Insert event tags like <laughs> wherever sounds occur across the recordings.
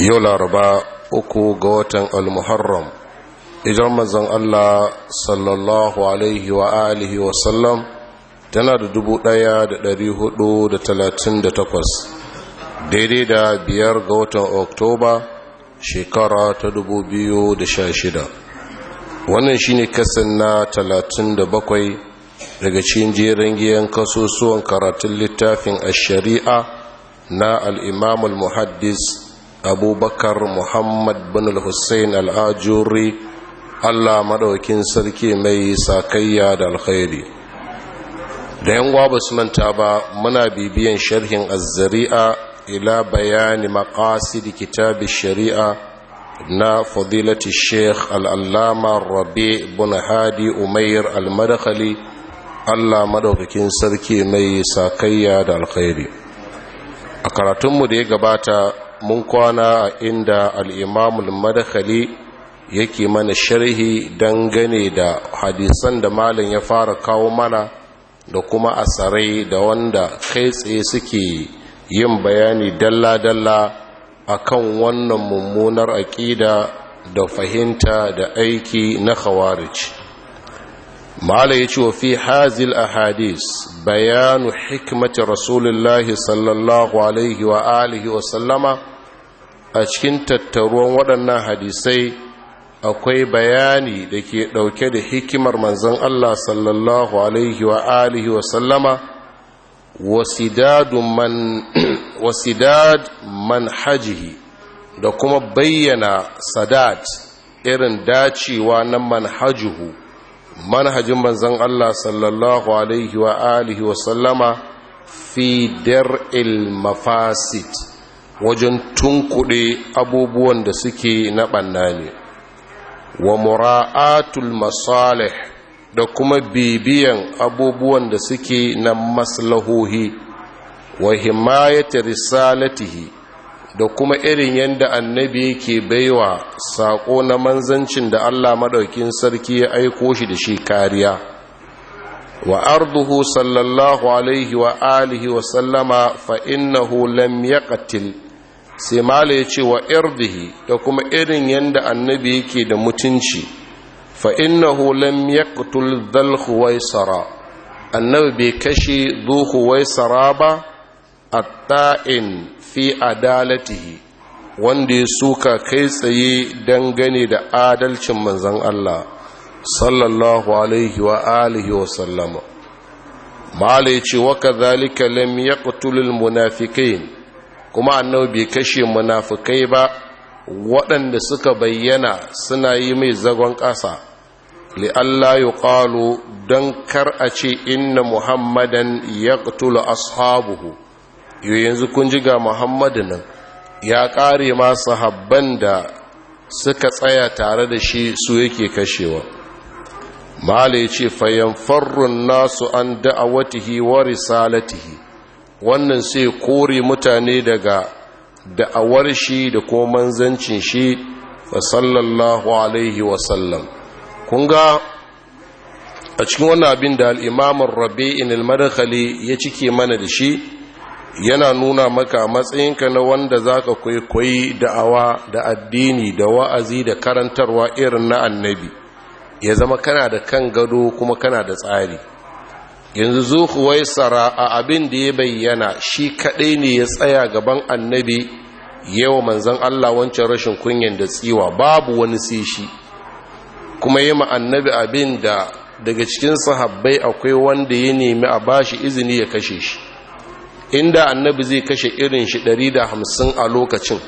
yau laraba uku ga watan al-muharram idan manzon Allah sallallahu alaihi wa alihi wa sallam tana da dubu ɗaya da dari hudu da talatin da takwas, daidai da biyar ga watan oktoba shekara ta dubu biyu da sha shida. wannan shine kasan na talatin da bakwai daga cikin jerin giyan kasusuwan karatun littafin a sharia na al muhaddis abubakar muhammad bin hussein al'ajuri allah maɗaukin sarki mai sakayya da alkhairi da yan gwa su manta ba muna bibiyan sharhin azzari'a ila bayani maqasid kitab shari'a na fadilati sheikh al'allama rabi bin hadi umair al allah maɗaukakin sarki mai sakayya da alkhairi a karatunmu da ya gabata mun kwana a inda al'imamul madakali yake mana sharhi dangane da hadisan da malin ya fara kawo mana da kuma asarai da wanda kai tsaye suke yin bayani dalla-dalla kan wannan mummunar aƙida da fahimta da aiki na khawarij mala ya ce wa fi hazil hadis, bayanu hikmati rasulullahi sallallahu alaihi wa alihi wa sallama a cikin tattaruwan waɗannan hadisai akwai bayani da ke ɗauke da hikimar manzon Allah sallallahu alaihi wa alihi wa sallama wasidad <clears throat> da kuma bayyana sadat irin dacewa na manhajuhu manhajin manzan Allah sallallahu alaihi wa alihi wa sallama fi dar'il mafasit wajen tunkuɗe abubuwan da suke na ɓanna ne wa mura'atul masalih da kuma bibiyan abubuwan da suke na maslahohi wa himayata risalatihi da kuma irin yadda annabi yake baiwa saƙo na manzancin da Allah maɗaukin sarki ya aiko shi da shi kariya wa arduhu sallallahu alaihi wa alihi wa sallama fa innahu lam yaqtil sai mala ya ce wa irdihi da kuma irin yadda annabi yake da mutunci fa innahu lam yaqtul dhal khuwaisara annabi bai kashe dhu khuwaisara ba atta'in fi adalatihi wanda ya suka kai tsaye dangane da adalcin manzon Allah sallallahu alaihi wa alihi wa sallama mala ya ce wa kadhalika lam yaqtul munafiqin kuma annabi bai kashe munafukai ba waɗanda suka bayyana suna yi mai zagon ƙasa li'alla yi ƙalo don kar a ce inna muhammadan ya ƙutula ashabuhu yi yanzu kun ji ga muhammadu nan ya ƙare ma habban da suka tsaya tare da shi su yake kashewa mala ya ce fayan farrun nasu an da'awatihi wa risalatihi wannan sai kore mutane daga da'awar shi da ko manzancin shi wa sallallahu alaihi sallam. kun ga a cikin wannan abin da al'imamun rabi'in al-madakhali ya cike mana da shi yana nuna maka matsayinka na wanda za ka kwaikwayi da'awa da addini da wa'azi da karantarwa irin na annabi ya zama kana da kan gado kuma kana da tsari yanzu zo huwaisara a abin da ya bayyana shi kaɗai ne ya tsaya gaban annabi yawa manzan Allah wancan rashin kunyan da tsiwa babu wani sai shi kuma yi annabi abin da daga cikin sahabbai akwai wanda ya nemi a bashi izini ya kashe shi inda annabi zai kashe irin shi da hamsin a lokacin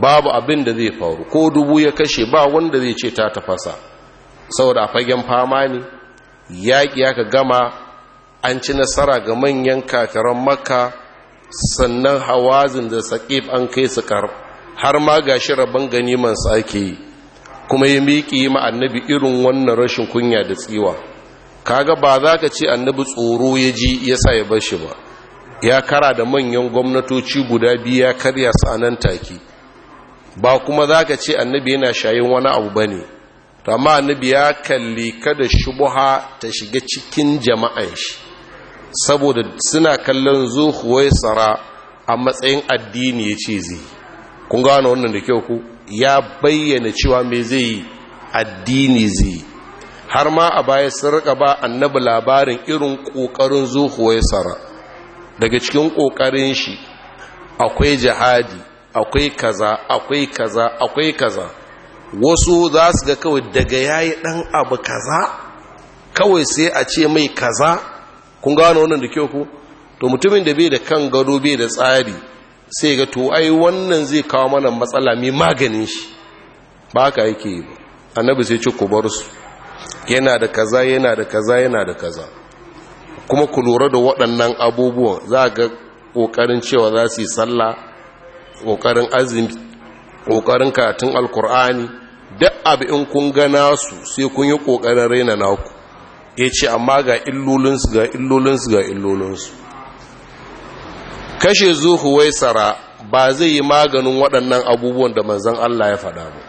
babu abin da zai faru ko dubu ya kashe ba wanda zai ce ta tafasa saboda fagen fama ne yaƙi aka gama an ci nasara ga manyan kafiran maka sannan hawazin da saƙib an kai su kar har ma ga shi rabon man ake yi kuma ya miƙi ma annabi irin wannan rashin kunya da tsiwa kaga ba za ka ce annabi tsoro ya ji ya sa ya bashi ba ya kara da manyan gwamnatoci guda biyu ya karya nan take ba kuma za ka ce annabi yana shayin wani abu ba ne amma annabi ya kalli kada shubuha ta shiga cikin jama'an shi saboda suna kallon zuhuwai tsara a matsayin addini ya ce zai kun gano wannan da kyau ku ya bayyana cewa mai zai yi addini zai har ma a baya sun ba annabi labarin irin ƙoƙarin zuhuwai tsara daga cikin ƙoƙarin shi akwai jihadi akwai kaza akwai kaza akwai kaza wasu za su ga kawai daga yayi ɗan abu kaza kawai sai a ce mai kaza kun gano wannan da kyau ku to mutumin da bai da kan gado bai da tsari sai ga to ai wannan zai kawo mana matsala mai maganin shi ba haka yake yi ba annabi sai ce ku bar su yana da kaza yana da kaza yana da kaza kuma ku lura da waɗannan abubuwan za ga ƙoƙarin cewa za su yi sallah ƙoƙarin azumi ƙoƙarin karatun alkur'ani duk abu in kun gana su sai kun yi ƙoƙarin raina naku ya ce amma ga illolinsu ga illolinsu ga illolinsu kashe zuhu wai tsara ba zai yi maganin waɗannan abubuwan da manzan Allah ya faɗa ba.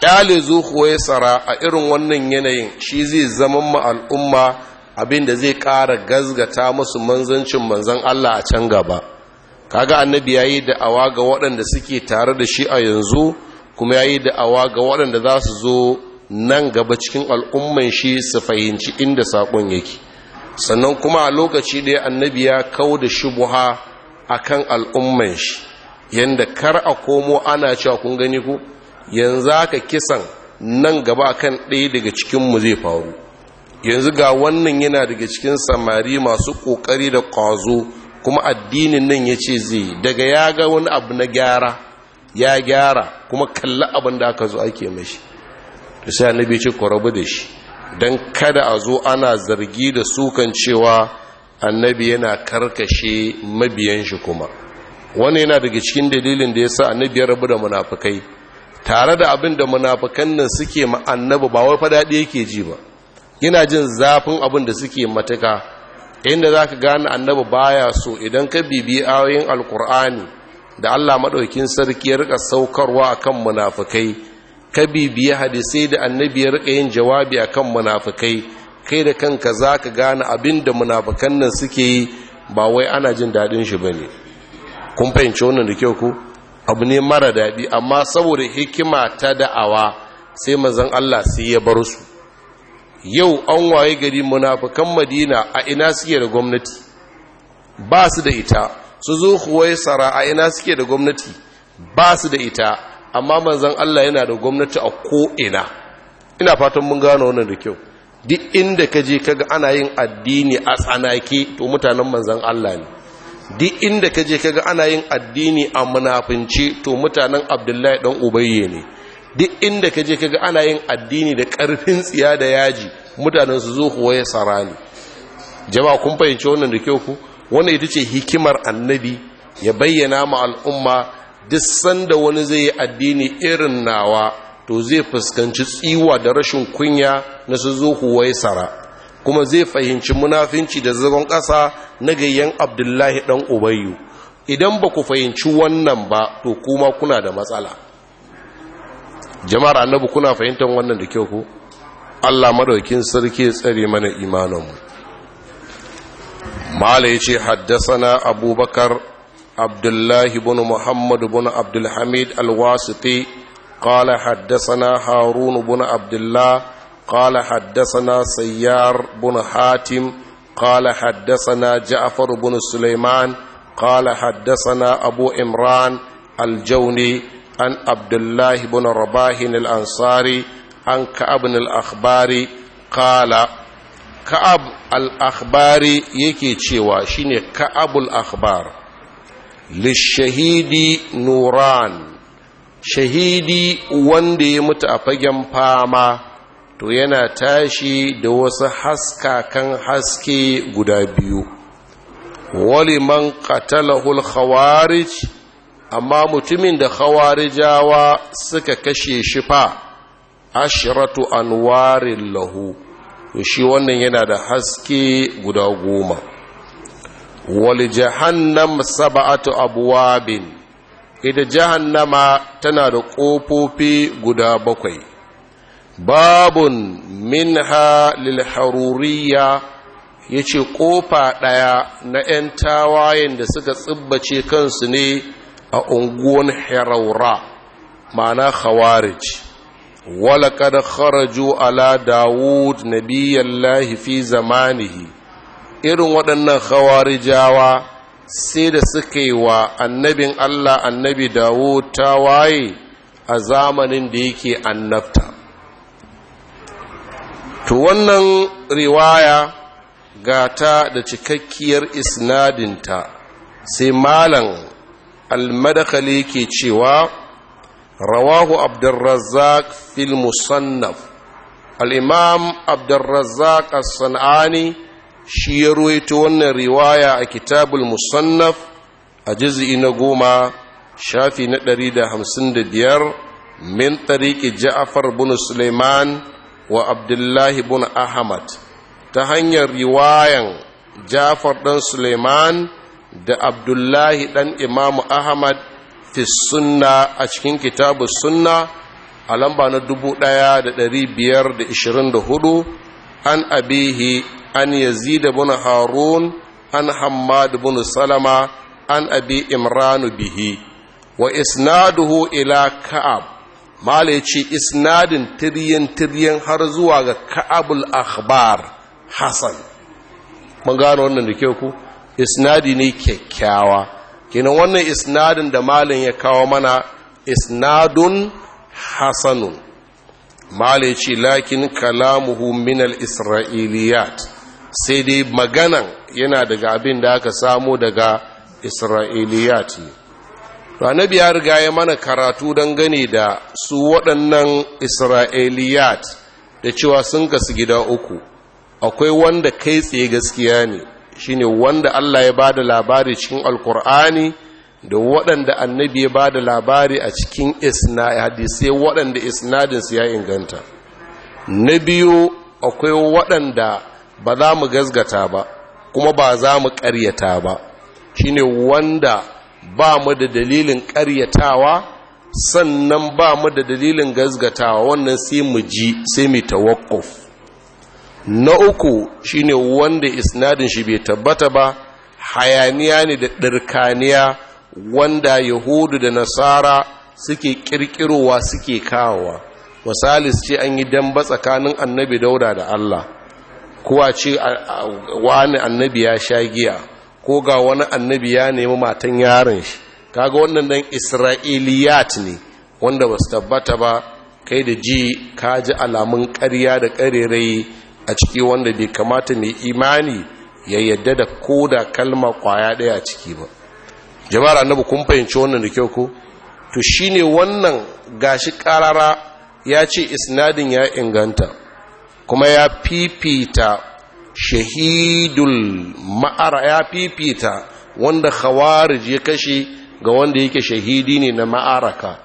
ƙyale zuhu wai tsara a irin wannan yanayin shi zai zama ma al'umma abin da zai ƙara gazgata musu manzancin manzan Allah a can gaba kaga annabi ya yi da'awa ga waɗanda suke tare da shi a yanzu kuma ya yi da'awa ga waɗanda za su zo nan gaba cikin al'umman shi su fahimci inda saƙon yake sannan kuma a lokaci ɗaya annabi ya kau da shubuha a kan al'umman shi yadda kar a komo ana cewa kun gani ku yanzu aka kisan nan gaba kan ɗaya daga cikinmu zai faru yanzu ga wannan yana daga cikin samari masu ƙoƙari da ƙwazo kuma addinin nan ya ce zai daga ya ga wani abu na gyara ya gyara kuma kalli abin da aka zo ake mashi sai annabi ce ku rabu da shi don kada a zo ana zargi da sukan cewa annabi yana karkashe mabiyan shi kuma wani yana daga cikin dalilin da ya sa annabi ya rabu da munafukai tare da abin da munafukan nan suke ma annabi ba wai fadaɗi yake ji ba yana jin zafin abin da suke matuka inda za ka gane annabi baya so idan ka bibi ayoyin alkur'ani da allah maɗaukin sarki ya rika saukarwa akan munafukai ka bibiya hadisai da annabi ya rika yin jawabi akan munafukai, kai da kanka za ka gane abin da munafikan nan suke yi ba wai ana jin daɗin shi ba ne kun fahimci wannan da kyau ku abu ne mara daɗi amma saboda hikima ta da'awa sai mazan Allah sai ya bar su yau an waye gari munafikan madina a ina suke da gwamnati ba su da ita su zo huwai tsara a ina suke da gwamnati ba su da ita amma manzan Allah yana da gwamnati a ko'ina ina fatan mun gano wannan da kyau duk inda ka je kaga ana yin addini a tsanaki, to mutanen manzan Allah ne duk inda ka je kaga ana yin addini a munafunce, to mutanen abdullahi dan ubayye ne duk inda ka je kaga ana yin addini da ƙarfin tsiya da yaji mutanen su zo kuwa ya tsara ne jama'a kun fahimci wannan da kyau ku wannan ita ce hikimar annabi ya bayyana ma al'umma duk sanda wani zai yi addini irin nawa to zai fuskanci tsiwa da rashin kunya na su zo huwaisara kuma zai fahimci munafinci da zagon ƙasa na gayyan abdullahi ɗan ubayyu idan ba ku fahimci wannan ba to kuma kuna da matsala jama'ar annabu kuna fahimtar wannan da kyau ko Allah madaukin sarki tsare mana imaninmu mala yace na abubakar abdullahi bin muhammad bin abdulhamid alwasiti qala haddasana harun bin abdullah qala haddasana sayyar bin hatim qala haddasana ja'far bin sulaiman qala na abu imran aljawni an abdullahi bin rabah ansari an ka'ab al-akhbari qala ka'ab al-akhbari yake cewa shine ka'abul akhbar al -akhbari. lishahidi nuran shahidi wanda ya mutu a fagen fama to yana tashi da wasu haskakan haske guda biyu waliman qatalahul khawarij amma mutumin da khawarijawa suka kashe shi fa ashratu anwarin lahu to shi wannan yana da haske guda goma wali jahannam saba'atu abwabin ita jahannama tana da ƙofofi guda bakwai babun minha lil haruriya yace ƙofa ɗaya na 'yan tawayen da suka tsibbace kansu ne a unguwan haraura ma'ana khawarij ولقد kharaju, Ala, Dawud, nabiyallahi fi zamanihi irin waɗannan khawarijawa sai da suka yi wa annabin Allah annabi dawo ta waye a zamanin da yake annabta to wannan riwaya gata da cikakkiyar isnadinta sai malam almadakali ke cewa rawahu abdurrazzaq fil musannaf al-imam abdurrazzaq as-sanani shi ya ruwaito wannan riwaya a kitabul musannaf a juz'i na goma shafi na ɗari da hamsin da biyar min tariki ja'afar bin suleiman wa abdullahi bin ahmad ta hanyar riwayan ja'far ɗan suleiman da abdullahi ɗan imamu ahmad fi sunna a cikin kitabu sunna a lamba na 1524 an abihi an yazid ibn harun an hammad ibn salama an abi imran bihi wa isnaduhu ila ka'ab malai ce isnadin tiryan tiryan har zuwa ga ka'abul akhbar hasan mun gano wannan da ke ku isnadi ne kyakkyawa kenan wannan isnadin da malin ya kawo mana isnadun hasanun malin ce lakin kalamuhu min al-isra'iliyat sai dai maganan yana daga abin da aka samu daga isra'iliyat to annabi ya riga ya mana karatu don gani da su waɗannan isra'iliyat da cewa sun kasu gida uku akwai wanda kai tsaye gaskiya ne shine wanda Allah ya ba da labari cikin alkur'ani da waɗanda annabi ya da labari a cikin isna hadisai waɗanda isnadinsu ya inganta na biyu akwai waɗanda ba za mu gazgata ba kuma ba za mu ƙaryata ba shine wanda ba mu da dalilin ƙaryatawa sannan ba mu da dalilin gazgatawa wannan sai mu ji sai mu tawakkuf na uku shine wanda isnadin shi bai tabbata ba hayaniya ne da ɗirkaniya wanda yahudu da nasara suke ƙirƙirowa suke kawowa misali ce an yi damba tsakanin annabi dauda da allah kowa ce wani annabi ya sha giya ko ga wani annabi ya nemi matan yaron shi kaga wannan dan isra'iliyat ne wanda ba su tabbata ba kai da ji ka ji alamun karya da ƙarerai a ciki wanda bai kamata mai imani ya yadda da ko da kalma ƙwaya ɗaya a ciki ba jama'ar annabi kun fahimci wannan da kyau ko to shine wannan gashi ƙarara ya ce isnadin ya inganta kuma ya fifita shahidul ma'ara ya fifita wanda khawarij ya kashe ga wanda yake shahidi ne na ma'araka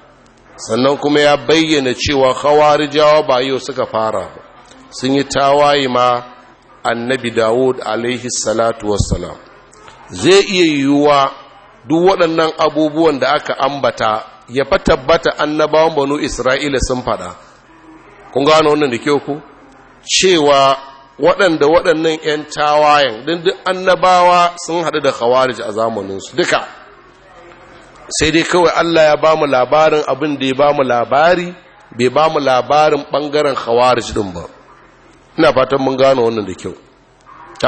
sannan kuma ya bayyana cewa khawarijawa ba yau suka fara sun yi tawaye ma annabi dawud alaihi salatu wassalam zai iya yiwuwa duk waɗannan abubuwan da aka ambata ya fa tabbata annabawan banu isra'ila sun faɗa kun gano wannan da kyau ku cewa waɗanda waɗannan 'yan tawayen don duk annabawa sun haɗu da khawarij a zamaninsu duka sai dai kawai allah ya ba mu labarin abin da ya ba mu labari bai ba mu labarin ɓangaren khawarij ɗin ba ina fatan mun gano wannan da kyau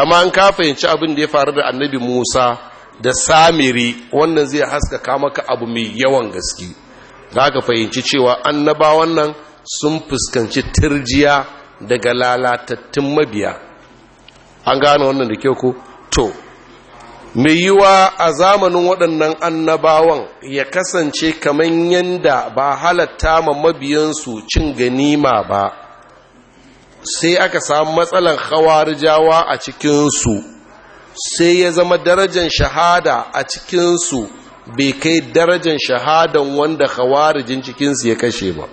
amma an ka fahimci abin da ya faru da annabi musa da samiri wannan zai haskaka maka abu mai yawan gaske za ka fahimci cewa annabawan nan sun fuskanci turjiya daga lalatattun mabiya an gano wannan da kyau ku? to mai yiwa a zamanin waɗannan annabawan ya kasance kamar yadda ba halatta ma mabiyansu cin ganima ba sai aka samu matsalan jawa a cikinsu sai ya zama darajar shahada a cikinsu bai kai darajar shahadan wanda hawarijin cikinsu ya kashe ba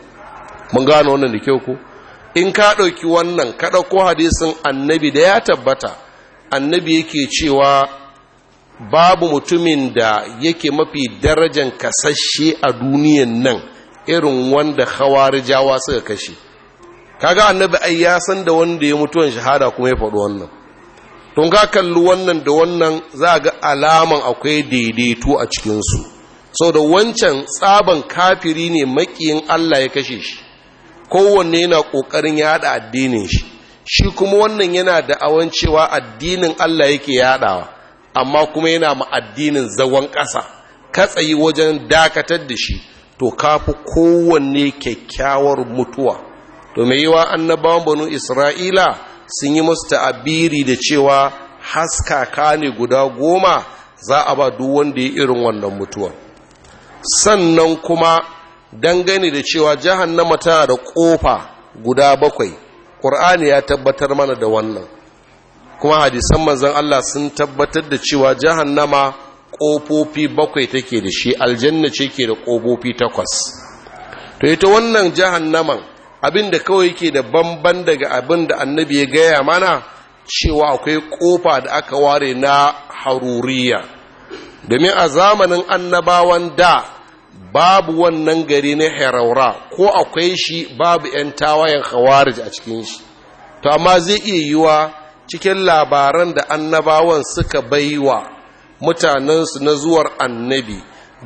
mun gano wannan da kyau ku? in ka ɗauki wannan ka ɗauko hadisin annabi da ya tabbata annabi yake cewa babu mutumin da yake mafi darajan kasashe a duniyan nan irin wanda jawa suka kashe kaga annabi ai ya san da wanda ya mutu wani shahada kuma ya faɗi wannan tun ka kalli wannan da wannan za ga alaman akwai daidaito a cikinsu sau da wancan tsaban kafiri ne makiyin allah ya kashe shi kowanne yana ƙoƙarin yada addinin shi shi kuma wannan yana da awan cewa addinin Allah yake yadawa amma kuma yana ma addinin zagon ƙasa katsayi wajen dakatar da shi to kafi kowanne kyakkyawar mutuwa to mai yiwa annabawan banu isra'ila sun yi musu ta'abiri da cewa haskaka ne guda goma za a ba duk wanda ya irin wannan mutuwa sannan kuma dangane da cewa jihar jahannama tana da kofa guda bakwai ƙur'ani ya tabbatar mana da wannan kuma hadisan manzan Allah sun tabbatar da cewa jihar jahannama ƙofofi bakwai take da shi aljanna ce ke da ƙofofi takwas to ita wannan jahannaman abin da kawai yake da banban daga abin da annabi ya gaya mana cewa akwai ƙofa da aka ware na haruriya domin a zamanin annabawan da babu wannan gari na heraura ko akwai shi babu 'yan tawayen khawarij a cikin shi to amma zai iya yiwa cikin labaran da annabawan suka bai wa mutanensu na zuwar annabi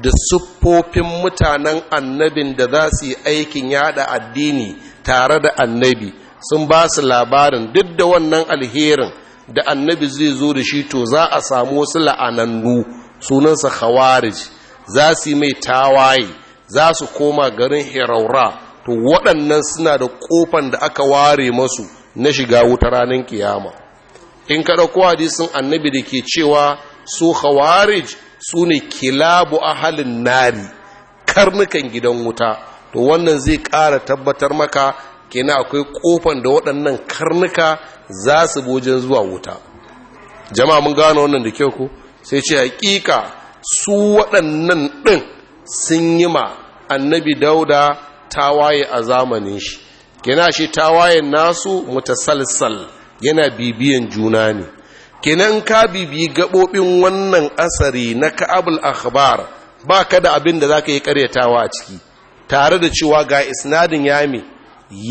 da siffofin mutanen annabin da za su yi aikin yada addini tare da annabi sun ba su labarin duk da wannan alherin da annabi zai zo da shi to za a samu wasu la'anannu sunansa khawarij za su yi mai tawaye za su koma garin hiraura to waɗannan suna da ƙofan da aka ware masu na shiga wuta ranar kiyama in kada ɗauko hadisin annabi da ke cewa su khawarij su ne kilabu a halin nari karnukan gidan wuta to wannan zai ƙara tabbatar maka kina akwai ƙofan da waɗannan karnuka za su bojin zuwa wuta jama'a mun gano wannan da kyau ku sai ce hakika su waɗannan ɗin sun yi ma annabi dauda tawaye a zamanin shi kina shi tawayen nasu mutasalsal yana bibiyan juna ne kinan ka bibi gaɓoɓin wannan asari na ka'abul akhbar ba ka da abin da za ka yi karyatawa a ciki tare da cewa ga isnadin yami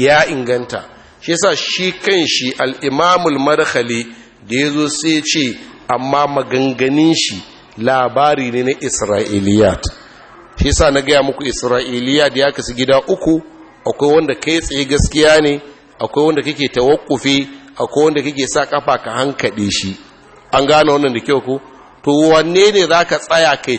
ya inganta shi sa shi kan shi al'imamul marhali da ya zo sai ce amma maganganin shi labari ne na isra'iliyat shi sa na gaya muku isra'iliyat ya kasu gida uku akwai wanda kai tsaye gaskiya ne akwai wanda kake ta tawakkufi akwai wanda kake sa kafa ka hankade shi an gane wannan da kyau ku to wanne ne za ka tsaya kai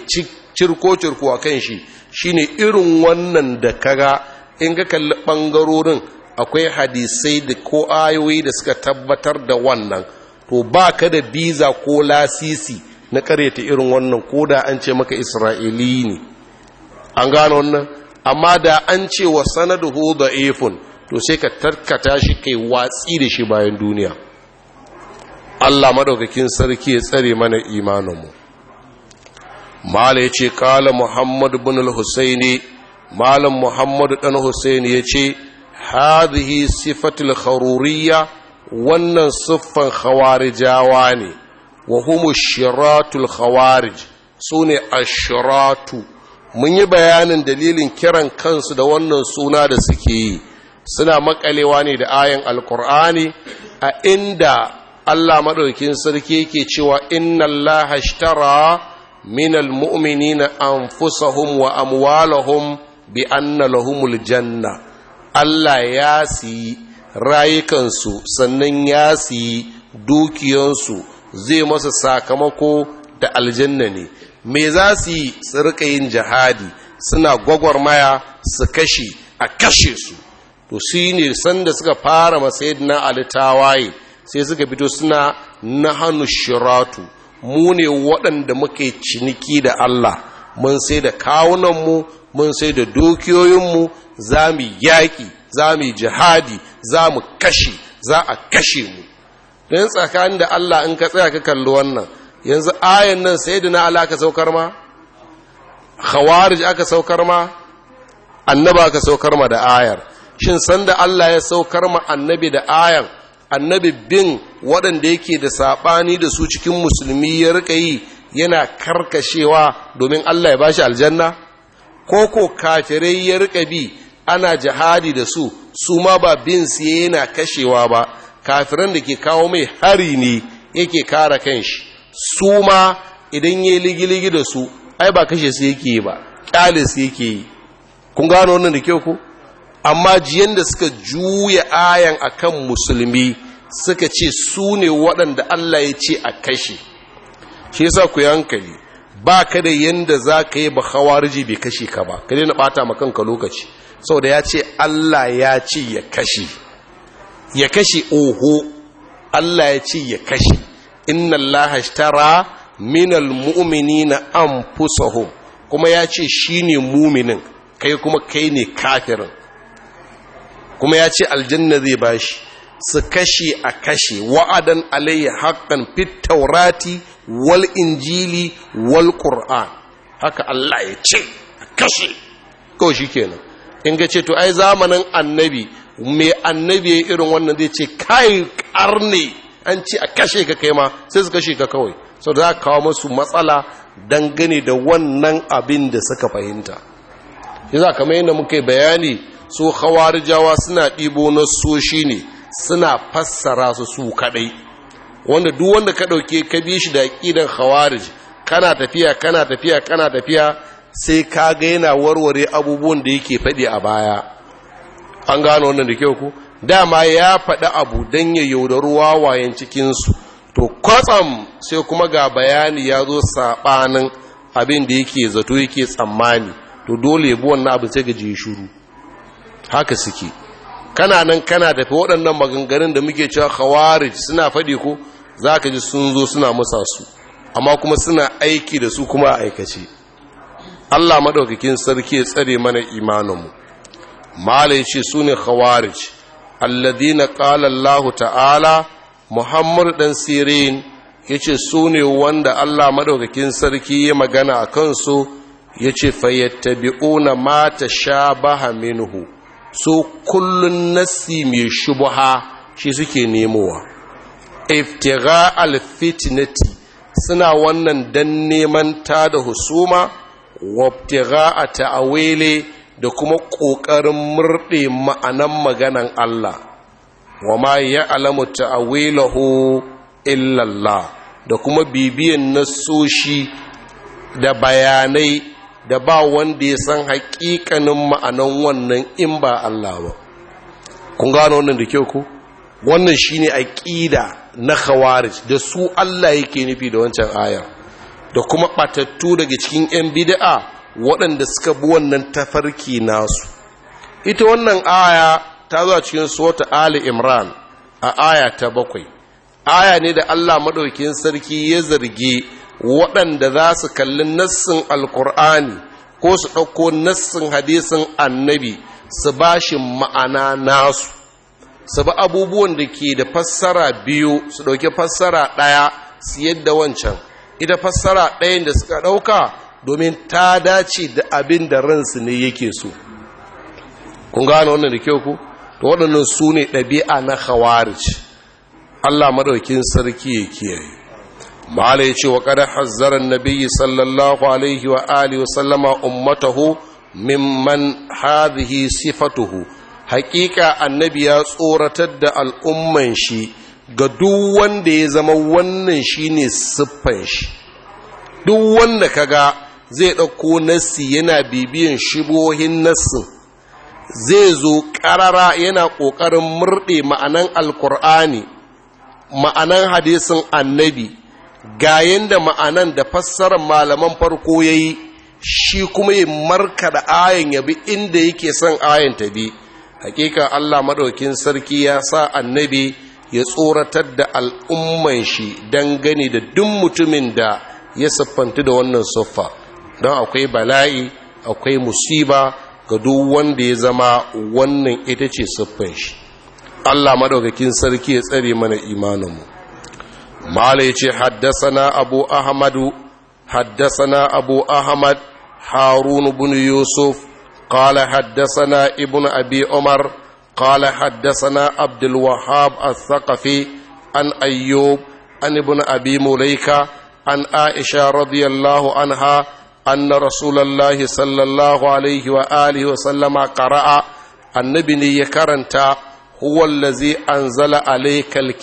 cirko-cirko a kan shi shi ne irin wannan da kaga in ka kalli ɓangarorin akwai hadisai da ko ayoyi da suka tabbatar da wannan to ba ka da biza ko lasisi na karyata irin wannan ko da an ce maka isra'ili ne an gano wannan amma da an ce wa sanadu da efun to sai ka tarkata shi kai watsi da shi bayan duniya Allah madaukakin sarki ya tsare mana imaninmu mala ya ce kala muhammadu bin al-husaini malam muhammadu dan husaini ya ce hadhihi sifatul kharuriyya wannan siffan hawarijawa ne wa humu shiratul khawarij su ne ashiratu mun yi bayanin dalilin kiran kansu da wannan suna da suke yi suna makalewa ne da ayan alkur'ani a inda Allah maɗaukin sarki yake cewa inna Allah ashtara min almu'minina anfusahum wa amwalahum bi anna lahumul janna Allah ya siyi rayukansu sannan ya siyi dukiyansu zai masa sakamako da aljanna ne me za su yi su rika yin jihadi suna gwagwarmaya su kashe a kashe su to su ne sanda suka fara na alitawaye sai suka fito suna na hannu shiratu mu ne waɗanda muke ciniki da Allah mun sai da kawunanmu mun sai da dukiyoyinmu za mu yaƙi za mu jihadi za mu kashe za a kashe mu don tsakanin da Allah in ka tsaya ka kalli wannan yanzu ayan nan sai da na ala aka saukar ma khawarij aka saukar ma annaba aka saukar ma da ayar shin sanda Allah ya saukar ma annabi da ayan annabi bin waɗanda yake da saɓani da su cikin musulmi ya rika yi yana karkashewa domin Allah ya ba shi aljanna ko ko kafirai ya rika bi ana jihadi da su su ma ba bin su yana kashewa ba kafiran da ke kawo mai hari ne yake kara kanshi su ma idan ya ligiligi da su ai ba kashe su yake yi ba kyale su yake yi kun gano wannan da kyau ku amma jiyan da suka juya ayan akan musulmi suka ce su ne waɗanda Allah ya ce a kashe shi yasa ku hankali ba ka da yadda za ka yi ba hawarji bai kashe ka ba ka daina ɓata ma kanka lokaci saboda ya ce Allah ya ce ya kashe ya kashe oho Allah ya ce ya kashe inna Allah ashtara minal mu'minina anfusahum kuma ya ce shine muminin kai kuma kai ne kafirin kuma ya ce aljanna zai bashi su kashe a kashe wa'adan alayya haqqan fit wal injili wal qur'an haka Allah ya ce kashe kawai shikenan in ga ce to ai zamanin annabi mai annabi ya irin wannan zai ce kai karne an ce a kashe ka kai ma sai su kashe ka kawai sau za kawo masu matsala dangane da wannan abin da suka fahimta shi za kamar yadda muka bayani su jawa suna ɗibo na soshi ne suna fassara su su kaɗai wanda duk wanda ka ɗauke ka bi shi da ƙidan hawarij kana tafiya kana tafiya kana tafiya sai ka ga yana warware abubuwan da yake faɗi a baya an gano wannan da kyau ku dama ya faɗi abu don ya yaudar wawayen cikinsu to kwatsam sai kuma ga bayani ya zo saɓanin abin da yake zato yake tsammani to dole ya bi wannan abin sai gaji shuru haka suke kana nan kana tafi waɗannan maganganun da muke cewa khawarij suna faɗi ko za ka ji sun zo suna masa su amma kuma suna aiki da su kuma a aikace allah maɗaukakin sarki ya tsare mana mu. malai ce su ne khawarij alladina qala Allah ta'ala Muhammad dan Sirin yace su ne wanda Allah madaukakin sarki ya magana a kansu yace fayattabi'una ma tashabaha minhu su kullun nasi mai shubha shi suke nemowa iftigha alfitnati suna wannan dan neman ta da husuma ta ta'awili da kuma ƙoƙarin murɗe ma'anan maganan Allah wa ma ya alamu ta'awilahu illallah da kuma bibiyan nasoshi da bayanai da ba wanda ya san haƙiƙanin ma'anan wannan in ba Allah ba kun gano wannan da kyau ku wannan shi shine aƙida na khawarij da su Allah yake nufi da wancan ayar da kuma ɓatattu daga cikin 'yan bida'a. waɗanda suka bi wannan tafarki nasu ita wannan aya ta zuwa cikin sota ali imran a aya ta bakwai aya ne da allah maɗaukin sarki ya zargi waɗanda za su kalli nassin alkur'ani ko su ɗauko nassin hadisin annabi su ba shi ma'ana nasu su ba abubuwan da ke da fassara biyu su ɗauki fassara ɗaya su yadda wancan ita fassara ɗayan da suka ɗauka domin ta dace da abin da ransu ne yake so kun gane wannan da kyau ku to waɗannan su ne ɗabi'a na khawarij Allah madaukin sarki ya kiyaye mala ya ce wa kada hazzaran nabiyyi sallallahu alaihi wa alihi wa sallama ummatahu mimman hadhihi sifatuhu haƙiƙa annabi ya tsoratar da al'umman shi ga duk wanda ya zama wannan shine siffan shi duk wanda kaga zai ɗauko nassi yana bibiyan shibohin nassin zai zo ƙarara yana ƙoƙarin murɗe ma'anan alkur'ani ma'anan hadisin annabi ga yadda ma'anan da fassarar malaman farko ya yi shi kuma yi marka ayan ya bi inda yake son ayan ta bi hakika allah maɗaukin sarki ya sa annabi ya tsoratar da al'umman shi don gani da duk mutumin da ya siffanti da wannan siffa don akwai bala'i akwai musiba ga duk wanda ya zama wannan ita ce siffin shi Allah madaukakin sarki ya tsare mana imaninmu mala ya ce haddasana abu ahmadu haddasana abu ahmad harun bin yusuf qala haddasana ibnu abi umar qala haddasana abdul wahhab al-thaqafi an ayyub an ibnu abi mulaika an aisha radiyallahu anha anna rasulallahi sallallahu alaihi wa alihi wa sallama qara'a annabi ne ya karanta huwallazi anzala alaykal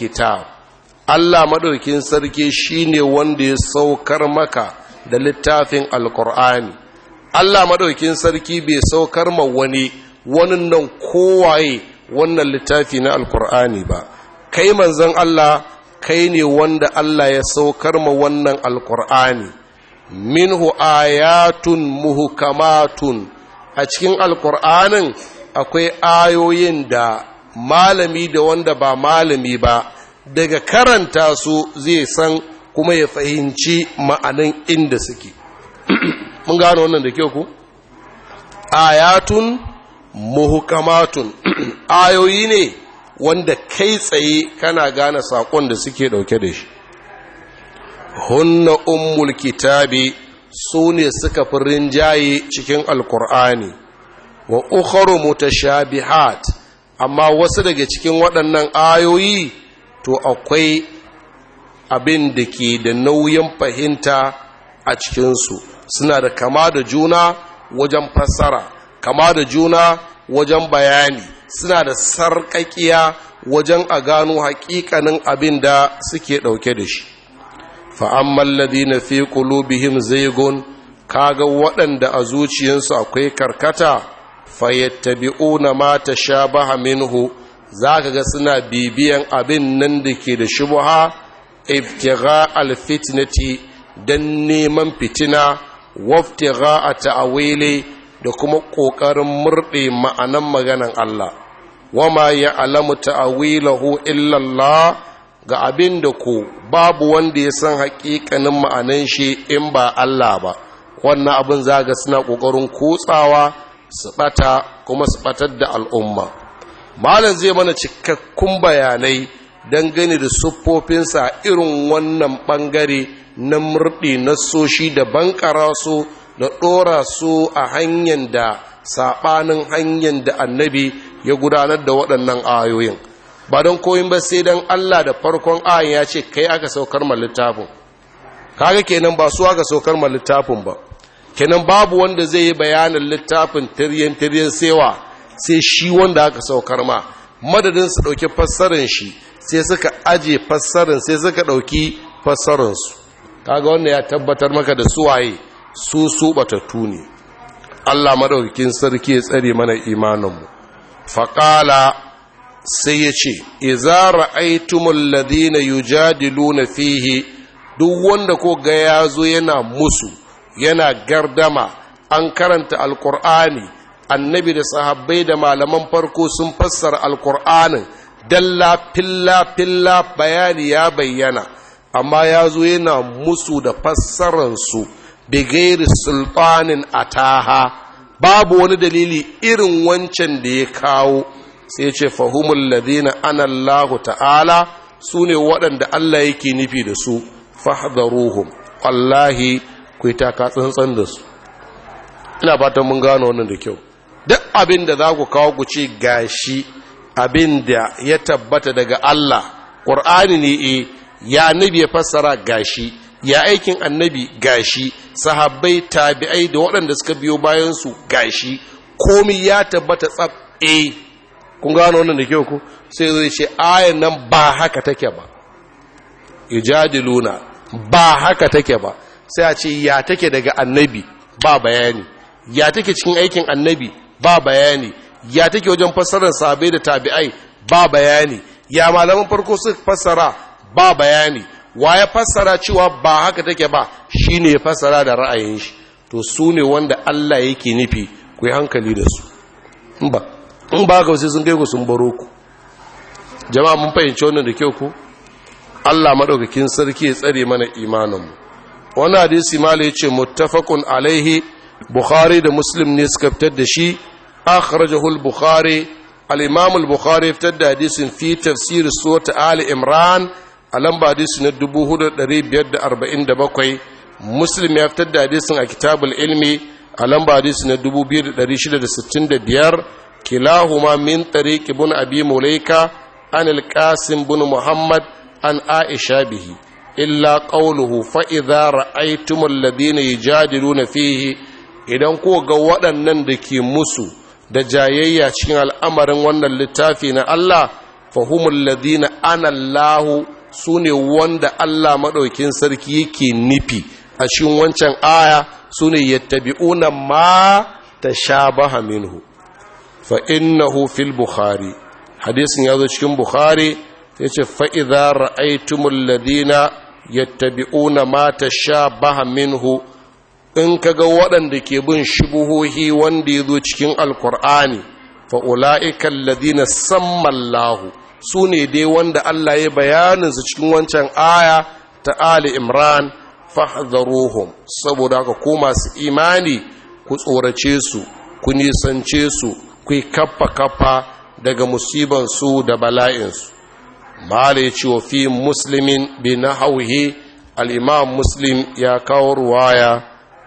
Allah madaukin sarki ne wanda ya saukar maka da littafin alqur'ani Allah madaukin sarki bai saukar ma wani wani nan kowaye wannan littafi na alkur'ani ba kai manzon Allah kai ne wanda Allah ya saukar ma wannan alkur'ani minhu ayatun muhukamatun a cikin alkur'anin akwai ayoyin da malami da wanda ba malami ba daga karanta su zai san kuma ya fahimci ma'anin inda suke <clears throat> mun gano wannan da kyau ku ayatun muhukamatun <clears throat> ayoyi ne wanda kai tsaye kana gane sakon da suke ɗauke da shi hunna ummul kitabi su ne suka fi rinjaye cikin alkur'ani wa ukharu mutashabihat amma wasu daga cikin waɗannan ayoyi to akwai abin da ke da nauyin fahimta a cikinsu suna da kama da juna wajen fassara kama da juna wajen bayani suna da sarƙaƙiya wajen a gano haƙiƙanin abin da suke ɗauke da shi fa'amman ladina fi zaigun ka kaga waɗanda a zuciyarsu akwai karkata fayattabi'una ma baha minhu ka ga suna bibiyan abin nan da ke da shubuha iftira alfitinati don neman fitina waftira a ta'awili da kuma ƙoƙarin murɗe ma'anan maganan Allah ma ya alamu ta'awilahu illallah ga abin da ku babu wanda ya san haƙiƙanin ma'anan shi in ba Allah ba wannan abin zaga suna ƙoƙarin kutsawa su ɓata kuma su ɓatar da al'umma malam zai mana cikakkun bayanai dangane da siffofinsa irin wannan ɓangare na murɗi na soshi da bankara su da ɗora su a hanyar da saɓanin hanyar da annabi ya gudanar da waɗannan ayoyin ba don koyin ba sai don Allah da farkon ayin ya ce kai aka saukar ma littafin kaga kenan ba su aka saukar ma littafin ba kenan babu wanda zai yi bayanin littafin tiryen-tiryen sewa sai shi wanda aka saukar ma madadin su dauki fassarin shi sai suka aje fassarin sai suka dauki fassarin su kaga wanda ya tabbatar maka da suwaye su su batattu ne Allah madaukakin sarki ya tsare mana imanin mu faqala sai ya ce iza ra'aytumul ladina yujadiluna fihi duk wanda ko ga ya zo yana musu yana gardama an karanta alkur'ani annabi da sahabbai da malaman farko sun fassara alkur'anin dalla filla filla bayani ya bayyana amma ya zo yana musu da fassararsu bigairi a taha. babu wani dalili irin wancan da ya kawo sai ce fahimul ladina anallahu ta'ala su ne waɗanda Allah yake nufi da su fahadaruhun wallahi ku yi taka tsantsan da su ina fatan mun gano wannan da kyau duk abin da za ku kawo ku ce gashi abin da ya tabbata daga Allah ƙur'ani ne e ya nabi ya fassara gashi ya aikin annabi gashi sahabbai tabi'ai da waɗanda suka biyo bayansu gashi komi ya tabbata tsab eh. kun gano wannan da kyau ku sai zai ce ayan nan ba haka take ba ijadiluna ba haka take ba sai a ce ya take daga annabi ba bayani ya take cikin aikin annabi ba bayani ya take wajen fassarar sabe da tabi'ai ba bayani ya malaman farko su fassara ba bayani wa ya fassara cewa ba haka take ba shine ya fassara da ra'ayin shi to su ne wanda Allah yake nufi ku yi hankali da su ba in ba ga wasu sun kai ku sun baro ku jama'a mun fahimci wannan da kyau ku Allah madaukakin sarki ya tsare mana imanin mu wani hadisi mala yace muttafaqun alaihi bukhari da muslim ne suka fitar da shi akhrajahu al-bukhari al-imam al-bukhari fitar da hadisin fi tafsir surat ali imran a lamba hadisi na 4547 muslim ya fitar da hadisin a kitabul ilmi a lamba hadisi na 2665 kilahuma min tariq ibn abi mulaika an al-qasim muhammad an aisha bihi illa qawluhu fa idza ra'aytum alladhina yujadiluna fihi idan ko ga waɗannan da ke musu da jayayya cikin al'amarin wannan littafi na Allah fahumul ladina anallahu sune wanda Allah madaukin sarki yake nufi a cikin wancan aya sune yattabi'una ma tashabaha minhu fa innahu fil bukhari hadisin ya zo cikin bukhari ya ce fa'iza ra'aitumul ladina yattabi'una mata sha baha minhu in kaga waɗanda ke bin shubuhohi wanda ya zo cikin alkur'ani fa'ula'ikan ladina sammallahu su ne dai wanda Allah ya su cikin wancan aya ta Ali Imran fahzaruhum saboda ka ko masu imani ku tsorace su ku nisance su akwai yi kaffa kaffa daga musibansu da bala'insu mala ya ce wa fi muslimin bi na hauhe al'imam muslim ya kawo ruwaya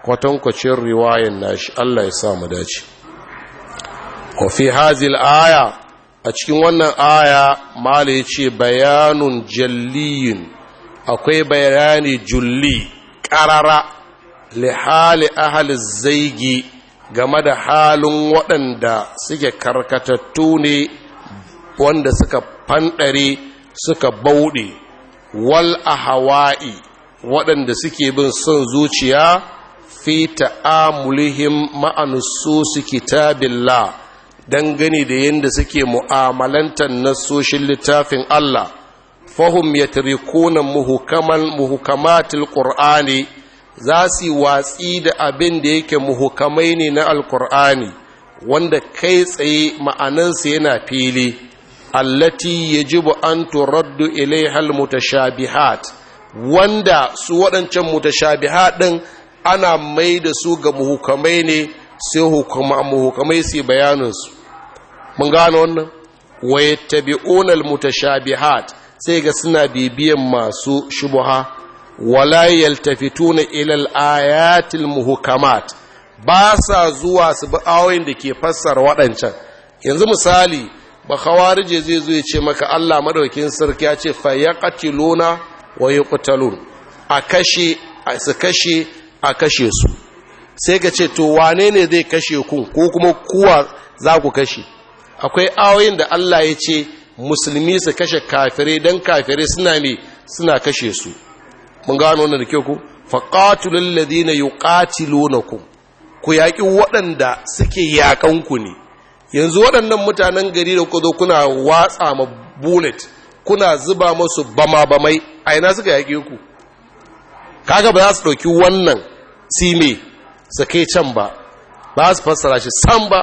kwatankwacin riwayan nashi allah ya samu dace wa fi hazil aya a cikin wannan aya mala ya ce bayanun jalliyin akwai bayani julli ƙarara lihali ahal zaigi game da halin waɗanda suke karkatattu ne wanda suka fanɗare suka bauɗe wal a hawa'i waɗanda suke bin son zuciya fi ta'amulihim ma'anususu kitabillah dangane da yadda suke mu'amalantar soshin littafin Allah fahim ya muhukamatil ƙur'ani za su watsi da abin da yake muhukamai ne na alkur'ani wanda kai tsaye ma'anansa yana fili allati yajibu an turaddu ilaihal mutashabihat wanda su waɗancan mutashabihat ɗin ana mai da su ga muhukamai ne sai muhukamai su bayaninsu mun gano wannan Wa wayattabi'unal mutashabihat sai ga suna bibiyan masu shubuha wala yaltafituna ila al-ayatil muhkamat ba sa zuwa su bi ayoyin da ke fassara waɗancan yanzu misali ba khawarije zai zo ya ce maka Allah madaukin sarki ya ce fa yaqtiluna wa yuqtalun a kashe su kashe a kashe su sai ka ce to wane ne zai kashe ku ko kuma kuwa za ku kashe akwai ayoyin da Allah ya ce musulmi su kashe kafirai dan kafirai suna suna kashe su mun gano wannan da kyau ku faqatulul ladina yuqatilunakum ku yaƙi waɗanda suke yakan ku ne yanzu waɗannan mutanen gari da ku zo kuna watsa ma bullet kuna zuba musu bama bamai a ina suka yaki ku kaga ba za su ɗauki wannan sime su kai can ba ba su fassara shi san ba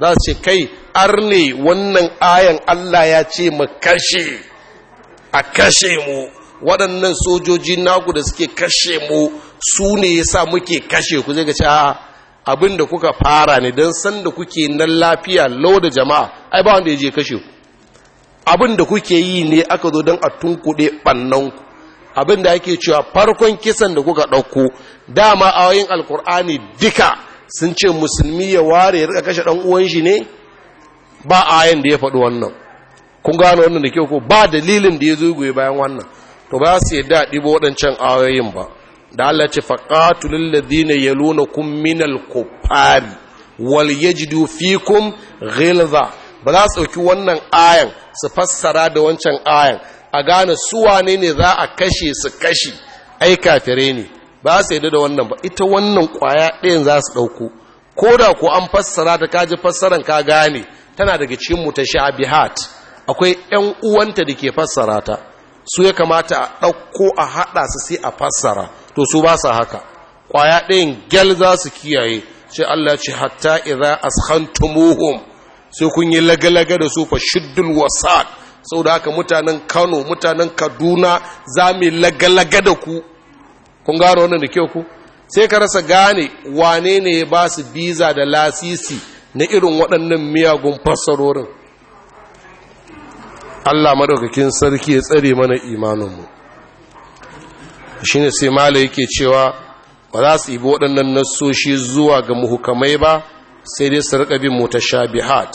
za su ce kai arne wannan ayan Allah ya ce mu kashe a kashe mu waɗannan sojoji naku da suke kashe mu su ne ya sa muke kashe ku zai ga ce abin da kuka fara ne don sanda kuke nan lafiya lau da jama'a ai ba wanda ya je kashe ku abin da kuke yi ne aka zo don a tunkuɗe ɓannanku abin da ake cewa farkon kisan da kuka ɗauko dama a wayin alkur'ani duka sun ce musulmi ya ware ya rika kashe ɗan uwan shi ne ba ayan da ya faɗi wannan kun gano wannan da kyau ko ba dalilin da ya zo goyi bayan wannan to ba su daɗi ba waɗancan ayoyin ba da Allah ce ya luna kun minal kuffari wal yajidu fikum ghilza ba za su ɗauki wannan ayan su fassara da wancan ayan a gane su wane ne za a kashe su kashi. ai kafire ne ba su yi da wannan ba ita wannan kwaya ɗayan za su ɗauko ko da ko an fassara ta kaji fassaran ka gane tana daga cikin bihat. akwai 'yan uwanta da ke fassara ta su ya kamata a ɗauko a haɗa su sai a fassara to su ba su haka ƙwaya ɗayan gyal za su kiyaye sai Allah ce hatta idza askhantumuhum sai kun yi lagalaga da su fa shiddul Sau saboda haka mutanen Kano mutanen Kaduna za mu lagalaga da ku kun gano wannan da kyau ku sai ka rasa gane wane ne ya ba su biza da lasisi na irin waɗannan miyagun fassarorin Allah madaukakin sarki ya tsare mana imaninmu shine sai mala yake cewa ba za su ibi waɗannan nasoshi zuwa ga muhukamai ba sai dai su rika bin mutashabihat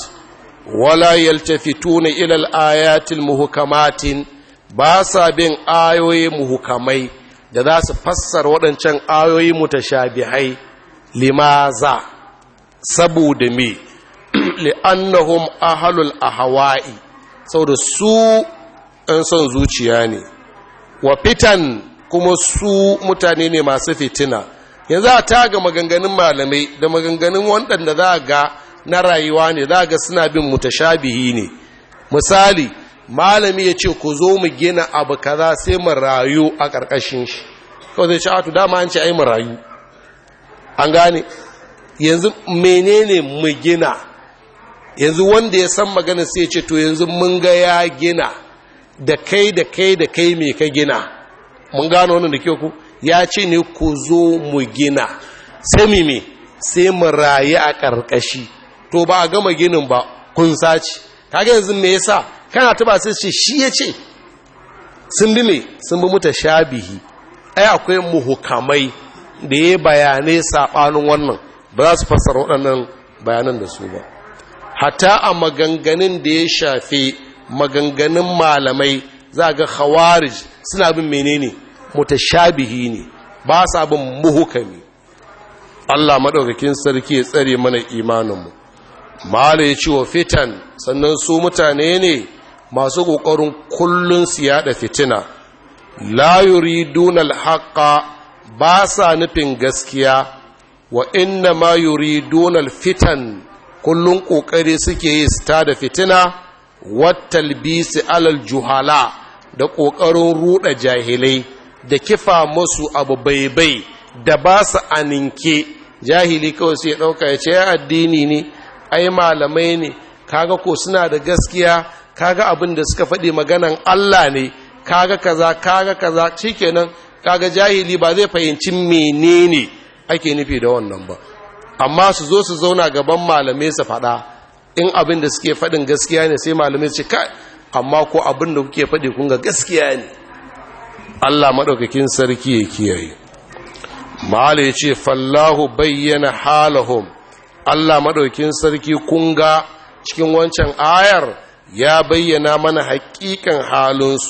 wala yaltafituna ila ilal ayatil muhukamatin ba sa bin ayoyi muhukamai da za su fassara waɗancan ayoyi mutashabihai limaza saboda me <clears throat> li'annahum ahlul ahwa'i saboda su an son zuciya ne wa fitan kuma su mutane ne masu fitina yanzu a taga maganganun malamai da maganganun waɗanda za ga na rayuwa ne za ga suna bin mutashabihi ne misali malami ya ce ku zo mu gina abu kaza sai mu rayu a ƙarƙashin shi kawai zai ce a dama an ce ai mu rayu an gane yanzu menene mu gina yanzu wanda ya san magana sai ce to yanzu mun ga ya gina da kai da kai da kai mai ka gina mun gano wani da ke ku ya ce ne ku zo mu gina sai mime sai mu rayu a ƙarƙashi to ba a gama ginin ba kun sace kaga yanzu me yasa kana ta ba sai ce shi ya ce sun bi mai sun bi muta shabihi ai akwai muhukamai da ya bayanai saɓanin wannan ba za su fassara waɗannan bayanan da su ba Hata a maganganun da ya shafi maganganun malamai za ga khawarij suna bin menene mutashabihi ne ba sa bin muhukami Allah madaukakin sarki ya tsare mana imaninmu mala ya ce wa fitan sannan su mutane ne masu kokarin kullun su yada fitina la yuriduna alhaqa ba sa nufin gaskiya wa inna ma yuriduna alfitan kullum ƙoƙari suke yi su da fitina wattalbisi alal juhala da ƙoƙarin ruɗa jahilai da kifa musu abu baibai da ba su aninke jahili kawai sai ɗauka ya ce ya addini ne ai malamai ne kaga ko suna da gaskiya kaga abin da suka faɗi maganan Allah ne kaga kaza kaga kaza shikenan kaga jahili ba zai fahimci menene ake nufi da wannan ba amma su zo su zauna gaban malamai su faɗa in abin da suke faɗin gaskiya ne sai malamai su kai amma ko abin da kuke faɗi kun ga gaskiya ne Allah maɗaukakin sarki ya kiyaye malai ya ce fallahu bayyana halahum Allah madaukakin sarki kun ga cikin wancan ayar ya bayyana mana haƙiƙan halinsu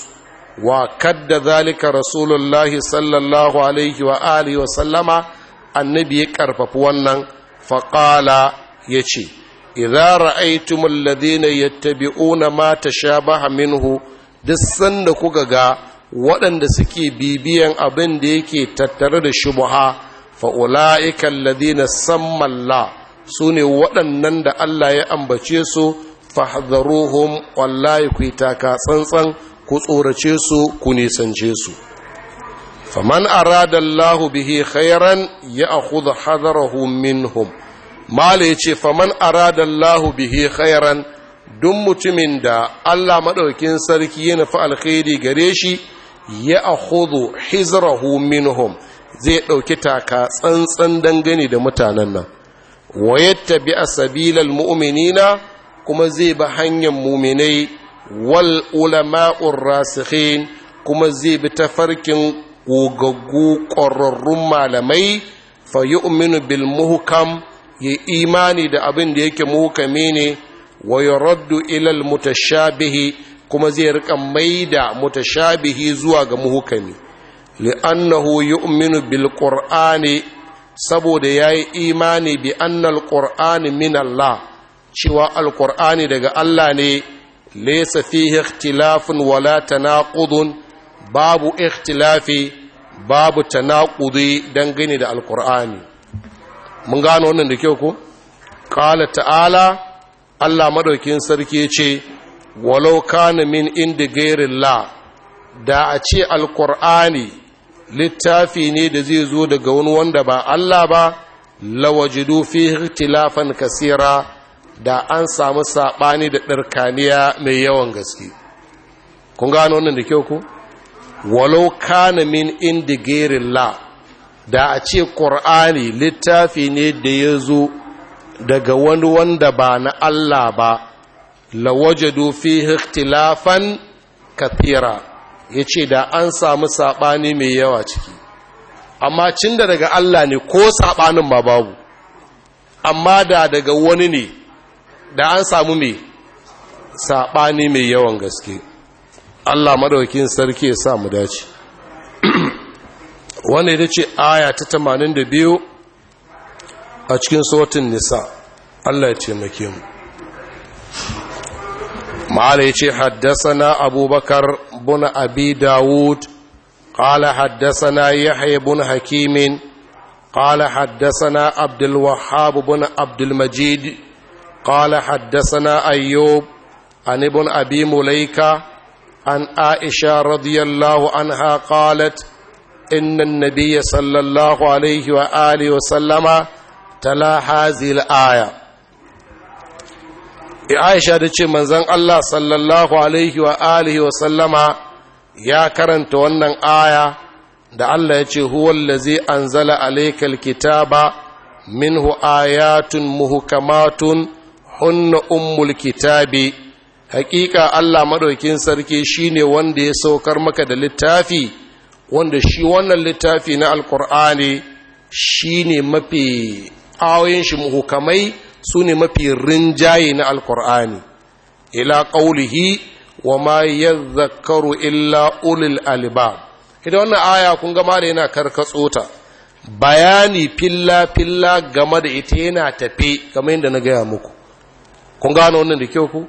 wa kadda zalika rasulullahi sallallahu alaihi wa alihi wa sallama annabi ya karfafi wannan faƙala ya ce idza ra'aytum alladhina yattabi'una ma tashabaha minhu duk sanda kuka ga waɗanda suke bibiyan abin da yake tattare da shubha fa ulaika samman sammalla sune waɗannan da Allah ya ambace su fahdharuhum wallahi ku taka tsantsan ku tsorace su ku nisance su faman arada Allahu bihi khairan ya akhudha hadarahu minhum mala yace faman arada Allahu bihi khairan duk mutumin da Allah maɗaukin sarki ya nufi alkhairi gare shi ya akhudhu hizrahu minhum zai ɗauki taka tsantsan dangane da mutanen nan wa a asabilal mu'minina kuma zai bi hanyar mu'minai wal ulama'ur rasikhin kuma zai bi tafarkin gogaggu ƙwararrun malamai fa yu'minu bil muhkam ya imani da abin da yake muhkami ne wa yuraddu ila al mutashabihi kuma zai rika maida mutashabihi zuwa ga muhkami li'annahu yu'minu bil qur'ani saboda yayi imani bi anna al qur'ani min Allah cewa al qur'ani daga Allah ne laysa fihi ikhtilafun wala tanaqudun babu ikhtilafi babu don dangane da alkur'ani mun gano wannan da kyau ko qala ta'ala Allah madaukin sarki ce walau kana min inda la da a ce alkur'ani littafi ne da zai zo daga wani wanda ba Allah ba lawajidu fi ikhtilafan kasira da an samu saɓani da ɗarkaniya mai yawan gaske kun gano wannan da kyau ko walau kana min gerin la da a ce ƙur'ani littafi ne da ya zo daga wani wanda ba na Allah ba la lawajadu fi ikhtilafan kathira ce da an samu saɓani mai yawa ciki amma cin da daga Allah ne ko saɓanin ma babu amma da daga wani ne da an samu mai saɓani mai yawan gaske Allah maɗaukin sarki ya sa mu dace <clears throat> wanda ya ce aya ta 82 a cikin sautin nisa Allah ya ce make mu ma'ala ya ce haddasa abubakar buna abi dawud Kala haddasa na yahaya buna hakimin Kala haddasa na Abdullwahabu buna abdulmajid Kala haddasa na ayyob an ibn abi mulaika An عائشة رضي الله عنها قالت إن النبي صلى الله عليه وآله وسلم تلا هذه الآية Aisha da ce manzan Allah sallallahu alaihi wa wa sallama ya karanta wannan aya da Allah ya ce zai anzala alaykal kitaba minhu ayatun muhkamatun hunna ummul kitabi hakika Allah madaukin sarki shine wanda ya saukar maka da littafi wanda shi wannan littafi na alkur'ani shine mafi ayoyin shi muhukamai sune mafi rinjaye na alkur'ani ila qaulihi wama yadhakkaru illa ulul albab ita wannan aya kun ga mare yana karkatso ta bayani filla filla game da ita yana tafe kamar yadda na gaya muku kun gano wannan da kyau ku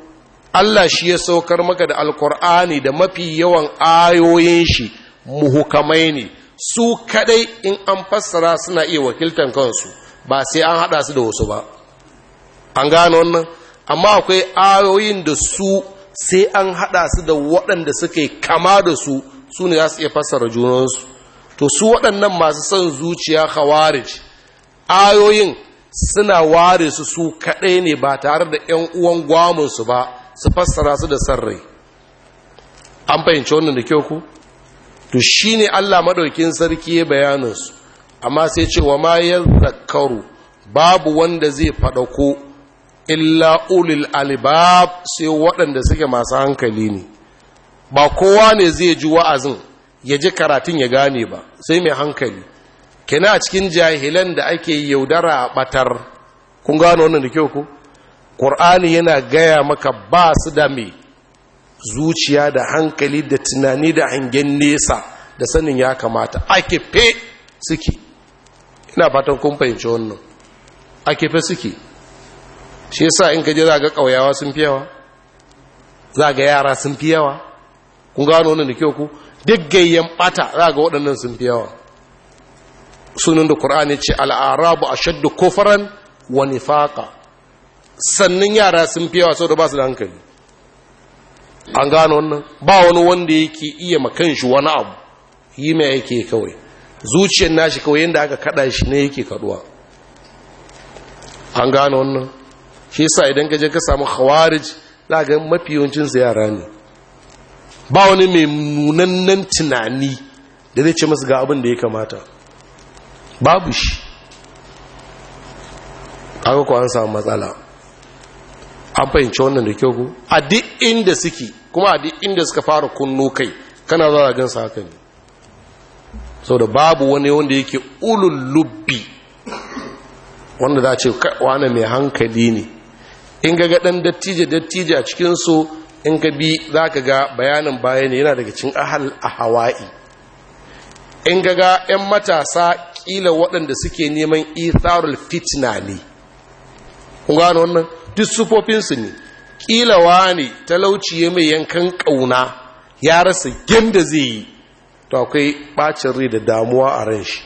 Allah shi ya saukar maka da alkur'ani da mafi yawan ayoyin shi muhukamai ne su kadai in an fassara suna iya wakiltan kansu ba sai an hada su da wasu ba an gano wannan amma akwai ayoyin da su sai an hada su da waɗanda suke kama da su su ne za su iya fassara junansu to su waɗannan masu son zuciya khawarij ayoyin suna ware su su kadai ne ba tare da ‘yan uwan gwamunsu ba su fassara su da sarrai an fahimci wannan da kyau ku to shi ne Allah maɗaukin sarki ya bayanin amma sai ce wa ma zakaru. babu wanda zai ko illa ulil albab sai waɗanda suke masu hankali ne ba kowa ne zai ji wa'azin ya ji karatun ya gane ba sai mai hankali kina a cikin jahilan da ake yaudara a batar kun gano wannan da kyau ku ƙor'ani yana gaya maka ba su da mai zuciya da hankali da tunani da hangen nesa da sanin ya kamata ake fe suke ina fatan kun fahimci wannan ake fe suke shi yasa in kaje za ga ƙauyawa sun fi yawa za ga yara sun fi yawa kun gano wannan da kyau ku duk gayyan bata za ga waɗannan sun fi yawa sunan da ƙur'ani ce al'arabu shaddu kofaran wa nifaqa sannan yara sun fi yawa da ba su da hankali an gano wannan ba wani wanda yake iya makan shi wani abu yi mai yake kawai zuciyar nashi kawai yadda aka kada shi ne yake kaduwa an gano wannan shi yasa idan ka je ka samu khawarij za ga mafi yawancin su yara ne ba wani mai nunannen tunani da zai ce masu ga abin da ya kamata babu shi aka kuwa an samu matsala an fahimci wannan da kyau ku a duk inda suke kuma a duk inda suka fara kunnu kai kana za a gansa haka ne sau da babu wani wanda yake ulul lubbi wanda za a ce wane mai hankali ne in ga ɗan dattija a cikinsu in ka bi za ka ga bayanin baya ne yana daga cin ahal a hawa'i in ga ga 'yan matasa ƙila waɗanda suke neman itharul fitna ne kun gano wannan duk sufofinsu ne ƙilawa ne Talauci talauciye mai yankan ƙauna ya rasa gyanda zai yi to akwai ɓacin rai da damuwa a ran shi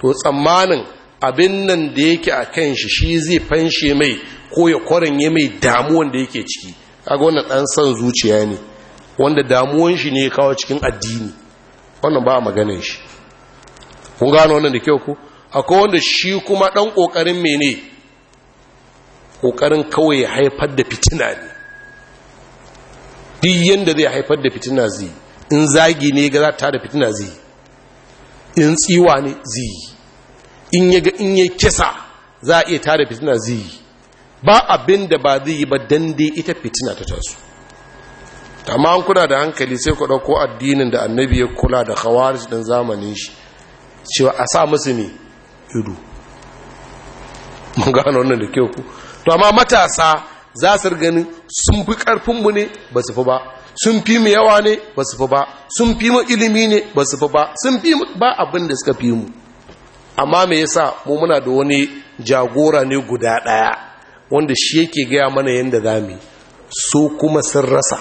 to tsammanin abin nan da yake a kan shi shi zai fanshe mai ko ya kwaranye mai damuwan da yake ciki kaga wannan ɗan son zuciya ne wanda damuwan shi ne ya kawo cikin addini wannan ba a maganin shi kun gano wannan da kyau ku akwai wanda shi kuma ɗan ƙoƙarin mene ƙoƙarin kawai haifar da fitina ne duk yadda zai haifar da fitina zai in zagi ne ga za ta da fitina zai in tsiwa ne zai in ya ga in ya kisa za a iya da fitina zai ba abin da ba zai yi ba dan dai ita fitina ta taso amma an kuna da hankali sai ku ɗauko addinin da annabi ya kula da hawarci ɗin zamanin shi cewa a sa musu ne ido mun gano wannan da kyau ku to amma matasa za su ganin sun fi ƙarfinmu ne ba su fi ba sun fi mu yawa ne ba su fi ba sun fi mu ilimi ne ba su fi ba sun fi mu ba abin da suka fi mu amma me yasa mu muna da wani jagora ne guda ɗaya wanda shi yake gaya mana yadda za mu so kuma sun rasa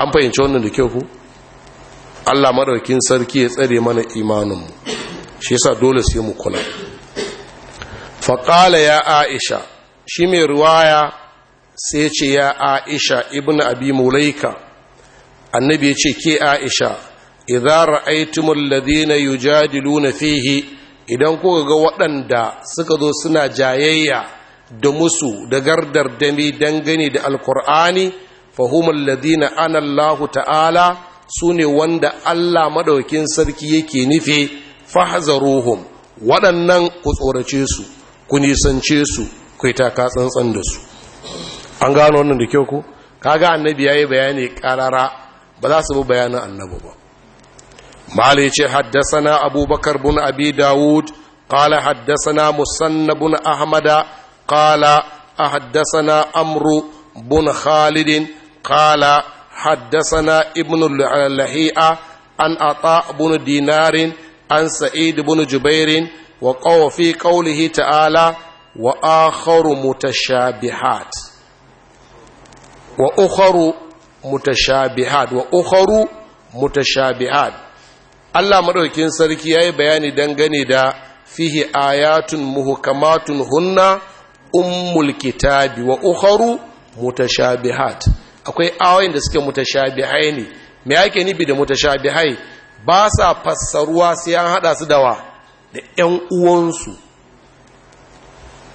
an fahimci wannan da kyau ku allah maɗaukin sarki ya tsare mana imaninmu shi yasa dole sai mu kula faƙala ya aisha shi mai ruwaya sai ce ya aisha ibn abi mulaika annabi ya ce ke aisha idan ra'aitumul ladina yujadiluna fihi idan kuka ga waɗanda suka zo suna jayayya da musu da gardar dami dangane da alkur'ani fahimul ladina anallahu ta'ala su ne wanda allah maɗaukin sarki yake nufi fahazaruhum waɗannan ku tsorace su ku nisance su kai ta ka tsantsan da su an gano wannan da kyau ku kaga annabi yayi bayani karara ba za su bi bayanin annabi ba mali ce haddathana abubakar bin abi daud qala haddathana musanna bin ahmada qala haddathana amru bin khalid qala haddasana ibnu lahi'a an ata bin dinarin an sa'id bin jubairin wa qawa fi qawlihi ta'ala wa akharu Allah madaukin sarki yayi bayani dangane da fihi ayatun muhkamatun hunna ummul kitabi wa ukharu mutashabihat akwai ayoyin da suke mutashabihai ne me yake nibi da mutashabihai ba sa fassaruwa sai an hada su da wa da 'yan uwansu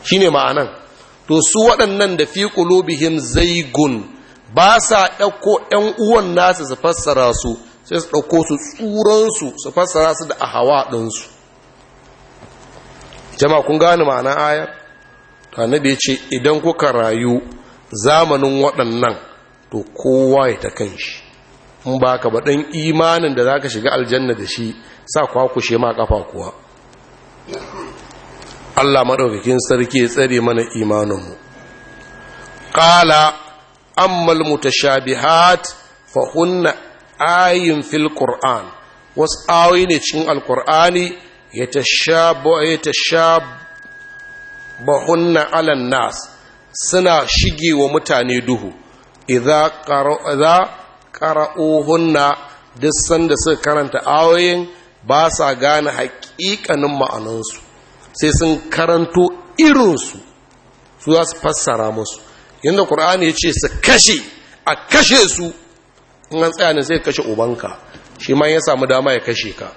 shi ne ma'anan to su waɗannan da fi ƙulubihim zaigun ba sa ɗauko 'yan uwan nasu su fassara su sai su ɗauko su tsuransu su fassara su da a hawa ɗinsu jama kun gane ma'ana ayar ta ya ce idan kuka rayu zamanin waɗannan to kowa ya ta kan shi in ba ka baɗin imanin da za ka shiga aljanna da shi sa kwakushe ma ƙafa kuwa Allah maɗaukakin sarki ya tsare mana imaninmu ƙala ammal mutashabihat fa hunna ayin fil qur'an wasu ayoyi ne cikin Al-Qur'ani ya tashabahunna ala nas suna shige wa mutane duhu idza qara'uhunna duk sanda suka karanta ayoyin ba sa gane haƙiƙanin ma'anansu sai sun karanto irinsu su za su fassara musu yadda ƙur'ani ya ce su kashe a kashe su in an tsaya ne sai kashe ubanka shi ma ya samu dama ya kashe ka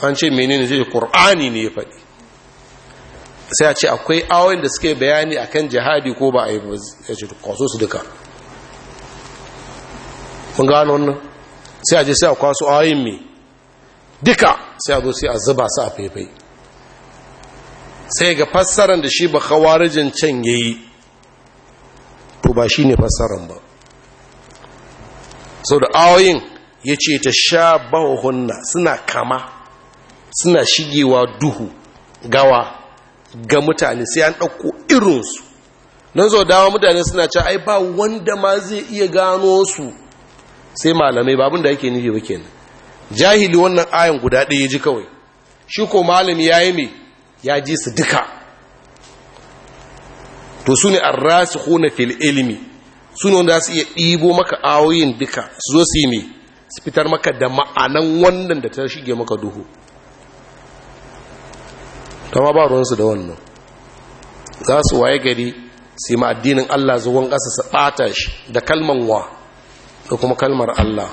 an ce menene zai ƙura'ani ne ya faɗi sai a ce akwai awon da suke bayani a kan jihadi ko ba a yi ba ya ce kwaso su duka mun gano wannan sai a ce sai a kwaso awon mai duka sai a zo sai a zuba su a faifai sai ga fassaran da shi ba kawarijin can ya yi to ba shi ne fassaran ba sau da awoyin ya ce ta sha bahunna suna kama suna shigewa duhu gawa ga mutane sai an ɗauko irinsu don sau dawa mutane suna ca ai ba wanda ma zai iya gano su sai malamai babin da yake nufi ba kenan jahili wannan ayan guda ɗaya ji kawai shi ko malami ya yi mai ya ji su duka to su ne an rasu hona fil ilimi su ne wanda su iya ɗibo maka awoyin duka su zo su yi mai su fitar maka da ma'anan wannan da ta shige maka duhu kama ba ruwansu da wannan za su waye gari su yi ma'addinin allah zuwan ƙasa su ɓata shi da kalman wa da kuma kalmar allah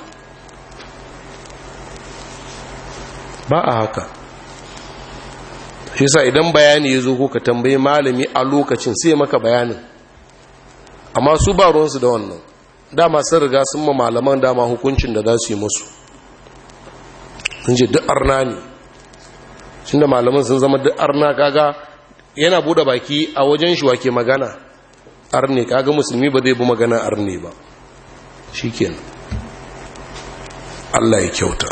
ba a haka shi sa idan bayani ya zo ko ka tambayi malami a lokacin sai maka bayanin amma su ba ruwansu da wannan dama sun riga sun ma malaman dama hukuncin da za su yi musu sun ce duk arna ne shi da malaman sun zama duk arna kaga yana bude baki a wajen shi wake magana arne kaga musulmi ba zai bi magana arne ba shi kenan allah ya kyauta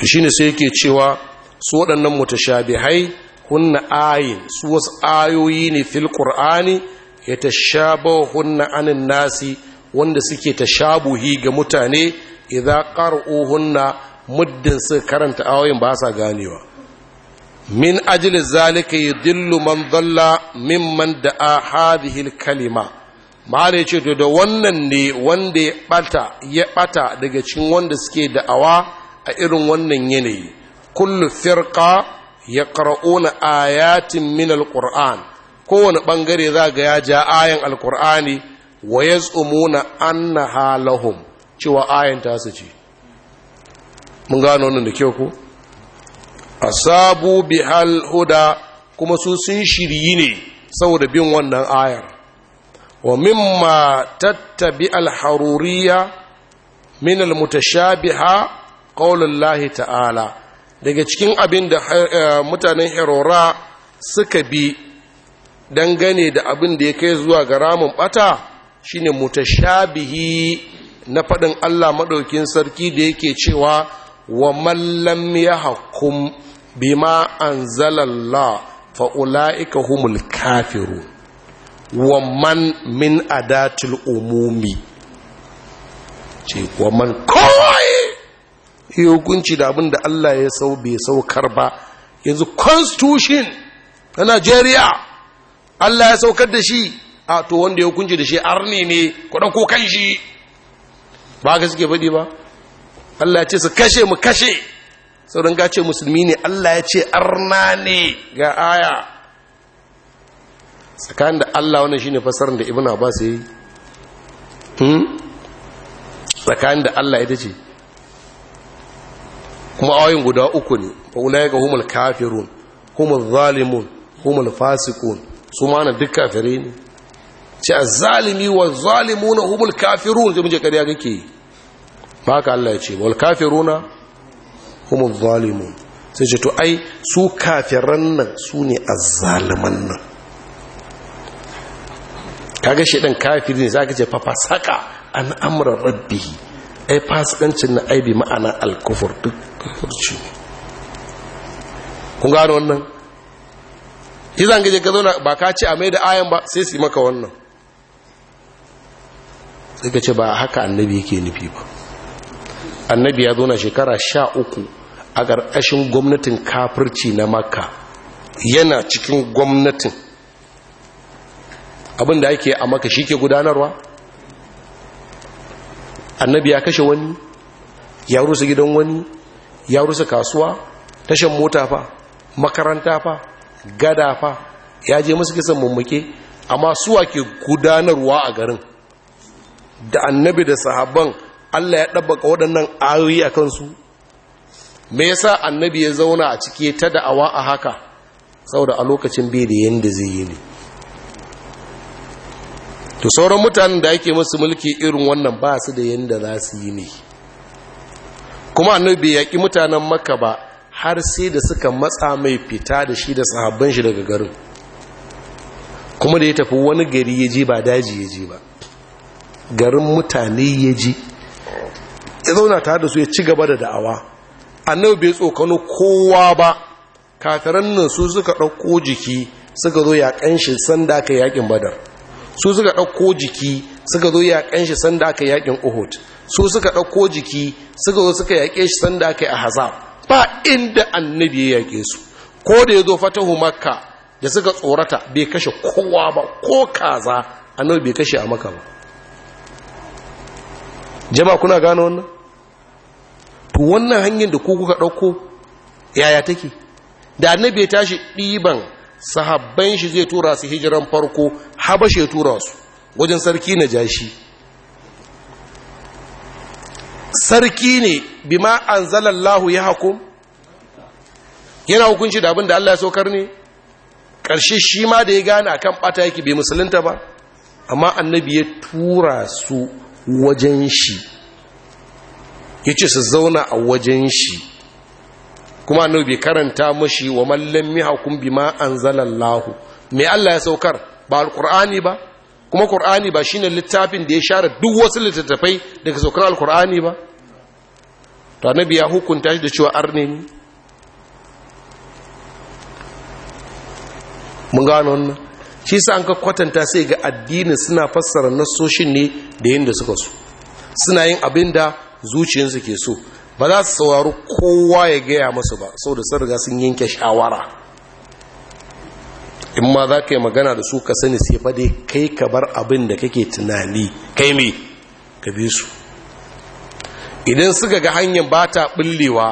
to shine sai yake cewa su waɗannan mutashabihai hunna ayin su wasu ayoyi ne fil qur'ani ya tashabahu hunna anin nasi wanda suke tashabuhi ga mutane za idza ohunna muddin su karanta ayoyin ba sa ganewa min ajli zalika dillu man dalla mimman da'a hadhihi al kalima mare ce to da wannan ne wanda ya ɓata daga cikin wanda suke da'awa a irin wannan yanayi kullu firqa yaqra'una ayatin minal alquran kowane ɓangare za ga ya ja ayan alqur'ani wa yaz'umuna annaha lahum cewa ayan ta su ce mun gano wannan da kyau ko asabu bihal huda kuma su sun shiryi ne saboda bin wannan ayar wa mimma tattabi al-haruriyya min al-mutashabiha qaulullahi ta'ala daga cikin abin da eh, eh, mutanen herora suka bi dangane da abin da ya kai zuwa ga ramin bata shine mutashabihi na faɗin Allah maɗaukin sarki da yake cewa wa mallam ya ma bima anzalallah fa ulaika humul kafiru wa man min adatul umumi ce wa man kawai yi hukunci da abin da Allah ya sau bai saukar ba yanzu constitution na Najeriya Allah ya saukar da shi a to wanda ya hukunci da shi arni ne kudan ko kan shi ba ka suke faɗi ba Allah ya ce su kashe mu kashe sauran gace ce musulmi ne Allah ya ce arna ne ga aya tsakanin da Allah wannan shine fasarar da Ibn Abbas yayi hmm tsakanin da Allah ita ce kuma ayoyin guda uku ne fa ulaika humul kafirun humul zalimun humul fasiqun su ma na duk kafire ne ce azzalimi wa zalimuna humul kafirun sai muje kariya kake ba ka Allah ya ce wal kafiruna humul zalimun sai ce to ai su kafiran nan su ne azzaliman nan kaga shedan kafiri ne zaka ce fa fasaka an amra rabbihi ai fasikancin na aibi ma'ana alkufur duk kafirci kun gano wannan izan gaje ka zauna ba ka ce a mai da ayan ba sai su yi maka wannan ka ce ba haka annabi yake nufi ba annabi ya zauna shekara sha uku a ƙarƙashin gwamnatin kafirci na maka yana cikin gwamnatin abin da ake a maka shi ke gudanarwa annabi ya kashe wani ya rusa gidan wani ya rusa kasuwa tashan mota fa makaranta fa gada fa ya je musu kisan mummuke amma suwa ke gudanarwa a garin da annabi da sahabban Allah ya ɗabbaka waɗannan ayoyi a kansu me yasa annabi ya zauna a cike ta da'awa a haka saboda a lokacin bai da yanda zai yi ne to sauran mutanen da ake musu mulki irin wannan ba su da yanda za su yi ne kuma annabi ya ki mutanen makka ba har sai da suka matsa mai fita da shi da sahabban shi daga garin kuma da ya tafi wani gari ya ji ba daji ya ji ba garin mutane ya ji ya zauna tare da su ya ci gaba da da'awa annabi bai tsokano kowa ba kafiran nan su suka ɗauko jiki suka zo ya shi sanda ka yaƙin badar su suka ɗauko jiki suka zo ya shi sanda ka yakin uhud su suka ɗauko jiki suka zo suka yaƙe shi sanda aka yi a haza ba inda annabi ya yaƙe su ko da ya zo fatahu makka da suka tsorata bai kashe kowa ba ko kaza annabi bai kashe a maka ba jama kuna gano wannan to wannan hanyar da kuka ɗauko yaya take da annabi ya tashi ɗiban sahabban shi zai tura su hijiran farko habashe ya tura su wajen sarki na jashi sarki ne bima an zalallahu ya hakum yana hukunci da abin da Allah ya saukar ne ƙarshe shi ma da ya gane kan bata yake bai musulunta ba amma annabi ya tura su wajen shi ya ce su zauna a wajen shi kuma annabi bai karanta mashi wa mallan mihakum bima zalallahu me Allah ya saukar ba Alƙur'ani ba kuma qur'ani ba shine littafin da ya share duk wasu littattafai daga saukar alqur'ani ba ta na ya hukunta shi da cewa arne ne mun gano wannan shi sa an ka kwatanta sai ga addini suna fassara nasoshin ne da yadda suka su, suna yin abin da zuciyarsu ke so ba za su saurari kowa ya gaya masu ba saboda sun riga sun yanke shawara in ma za ka yi magana da su ka sani sai fa kai ka bar abin da kake tunani kai me ka bi su idan suka ga hanyar ba ta ɓullewa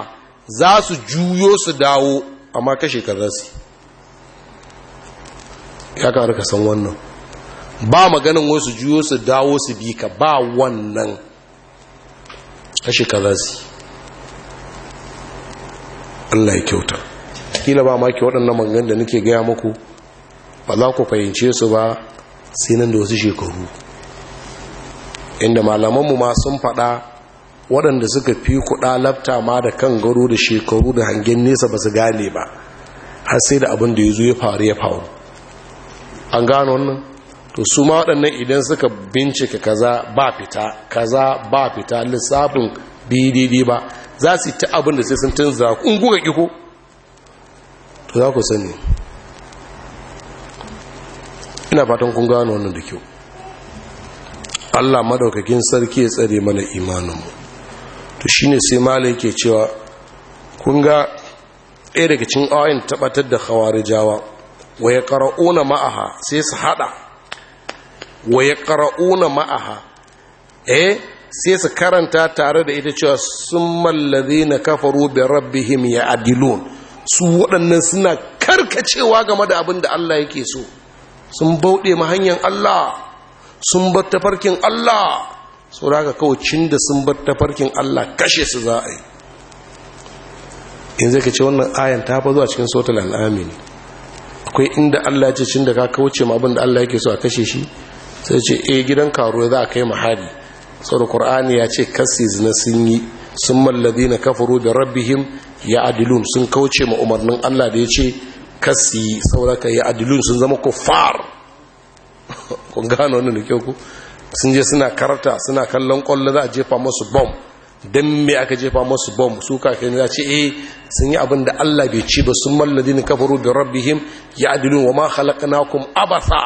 za su juyo su dawo amma kashe ka za su ya ka san wannan ba maganin wasu juyo su dawo su bi ka ba wannan kashe ka za su Allah ya kyauta kila ba maki waɗannan mangan da nake gaya muku ba za ku fahimce su ba sai nan da wasu shekaru inda malamanmu ma sun faɗa waɗanda suka fi kuɗa lafta ma da kan garo da shekaru da hangen nesa ba su gane ba har sai da abin da ya zo ya faru ya faru an gano wannan to su ma waɗannan idan suka bincika kaza ba fita kaza ba fita lissafin bdd ba za su yi ta abin da sai sun tun guga kiko to za ku sani ina fatan kun gano wannan da kyau Allah madaukakin sarki ya tsare mana imaninmu to shine sai mala yake cewa kun ga ɗaya daga cikin ayoyin tabbatar da khawarijawa wa ya ƙarauna ma'aha sai su hada wa ya ƙarauna ma'aha eh sai su karanta tare da ita cewa summal ladhina kafaru bi rabbihim ya'dilun su waɗannan suna karkacewa game da abin da Allah yake so sun bauɗe ma hanyar Allah sun bar tafarkin Allah sau da kawai cin da sun bar tafarkin Allah kashe su za a yi in zai kace wannan ayan ta fa zuwa cikin sautar al'amin akwai inda Allah ce cin da ka kauce ma abin da Allah yake so a kashe shi sai ce eh gidan karo za a kai mahadi sau da ya ce kasi na sun yi sun mallabi na kafaru da rabbihim ya adilun sun kauce ma umarnin Allah da ya ce kasi sauraka ya adilun sun zama kuffar <laughs> kun gano wani da kyau ku sun je suna karta suna kallon kwallo za a jefa masu bom don me aka jefa masu bom su kafin za ce eh sun yi abin da Allah bai ci ba sun malladi ni kafaru da rabbihim ya adilun wa ma kuma abasa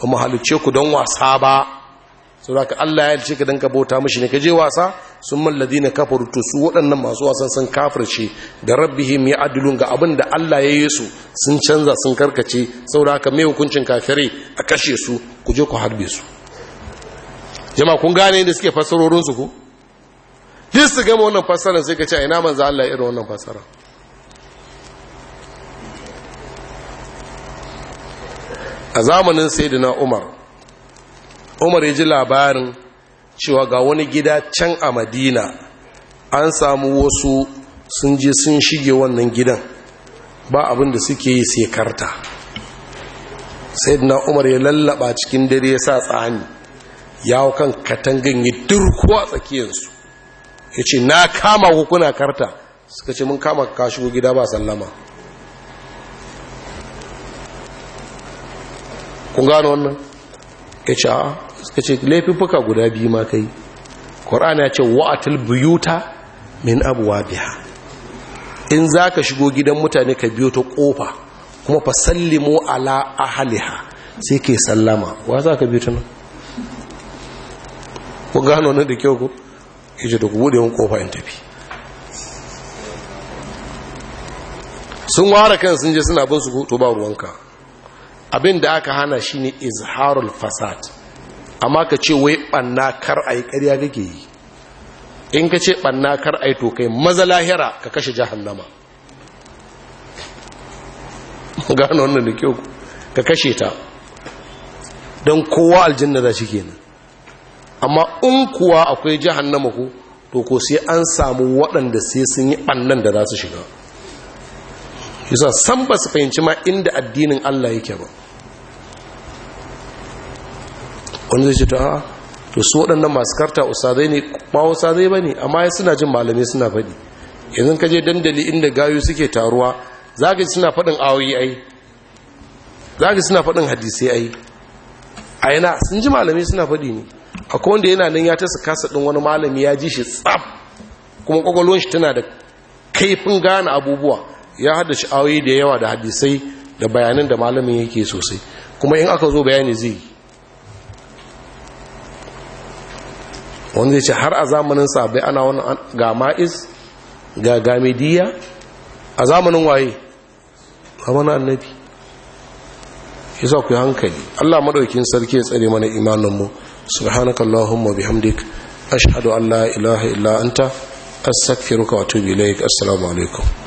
ba mu ku don wasa ba saboda ka Allah ya ce ka danka bauta mishi ne ka je wasa sun malladina kafaru to su waɗannan masu wasan sun kafirce da rabbihim ya adilun ga abin da Allah ya yi su sun canza sun karkace saboda ka mai hukuncin kafirai a kashe su ku je ku harbe su jama'a kun gane da suke fassarorin su ku duk su gama wannan fassara sai ka ce ina manzo Allah irin wannan fassara a zamanin na Umar umar ya ji labarin cewa ga wani gida can a madina an samu wasu sun je sun shige wannan gidan ba abin da suke yi sai karta sai na umar ya lallaba cikin dare ya sa tsani ya kan katangin ya a tsakiyarsu ya ce na kama kuna karta suka ce mun kama ka shigo gida ba sallama kun gano wannan ya ce a suka ce laifin fuka guda biyu ma kai ƙwar'an ya ce wa'atul buyuta min abuwa biya in za ka shigo gidan mutane ka biyo ta ƙofa kuma fa sallimo ala ahaliha sai ke sallama wa za ka biyo ta nan ku gano nan da kyau ku ya ce da ku buɗe wani ƙofa in tafi sun ware kan sun je suna bin su to ba ruwanka abin da aka hana shi ne izharul fasad amma ka ce wai ɓanna kar a yi karya gage yi in ka ce ɓanna kar a yi to kai maza lahira ka kashe jahannama gano wannan da kyau ka kashe ta don kowa aljanna za shi kenan amma in kuwa akwai jahannama ku to ko sai an samu waɗanda sai sun yi ɓannan da za su shiga yasa san ba su fahimci ma inda addinin Allah yake ba wani zai ce ta, a'a to su waɗannan masu karta usazai ne ba usazai ba ne amma suna jin malamai suna faɗi yanzu ka je dandali inda gayu suke taruwa za ka suna faɗin awoyi ai za ka suna faɗin hadisai ai a yana sun ji malamai suna faɗi ne akwai wanda yana nan ya tasa kasa ɗin wani malami ya ji shi tsaf kuma ƙwaƙwalwar shi tana da kaifin gane abubuwa ya hada shi awoyi da yawa da hadisai da bayanan da malamin yake sosai kuma in aka zo bayani zai yi wanda ya ce har a zamanin sabai ana wani ga ma'iz ga gamidiya a zamanin waye zamanin annabi sa ku hankali Allah maɗaukin sarki ya tsare mana imanin mu subhanakallahumma bi hamdik ashadu la ilaha illa anta astaghfiruka wa atubu assalamu alaikum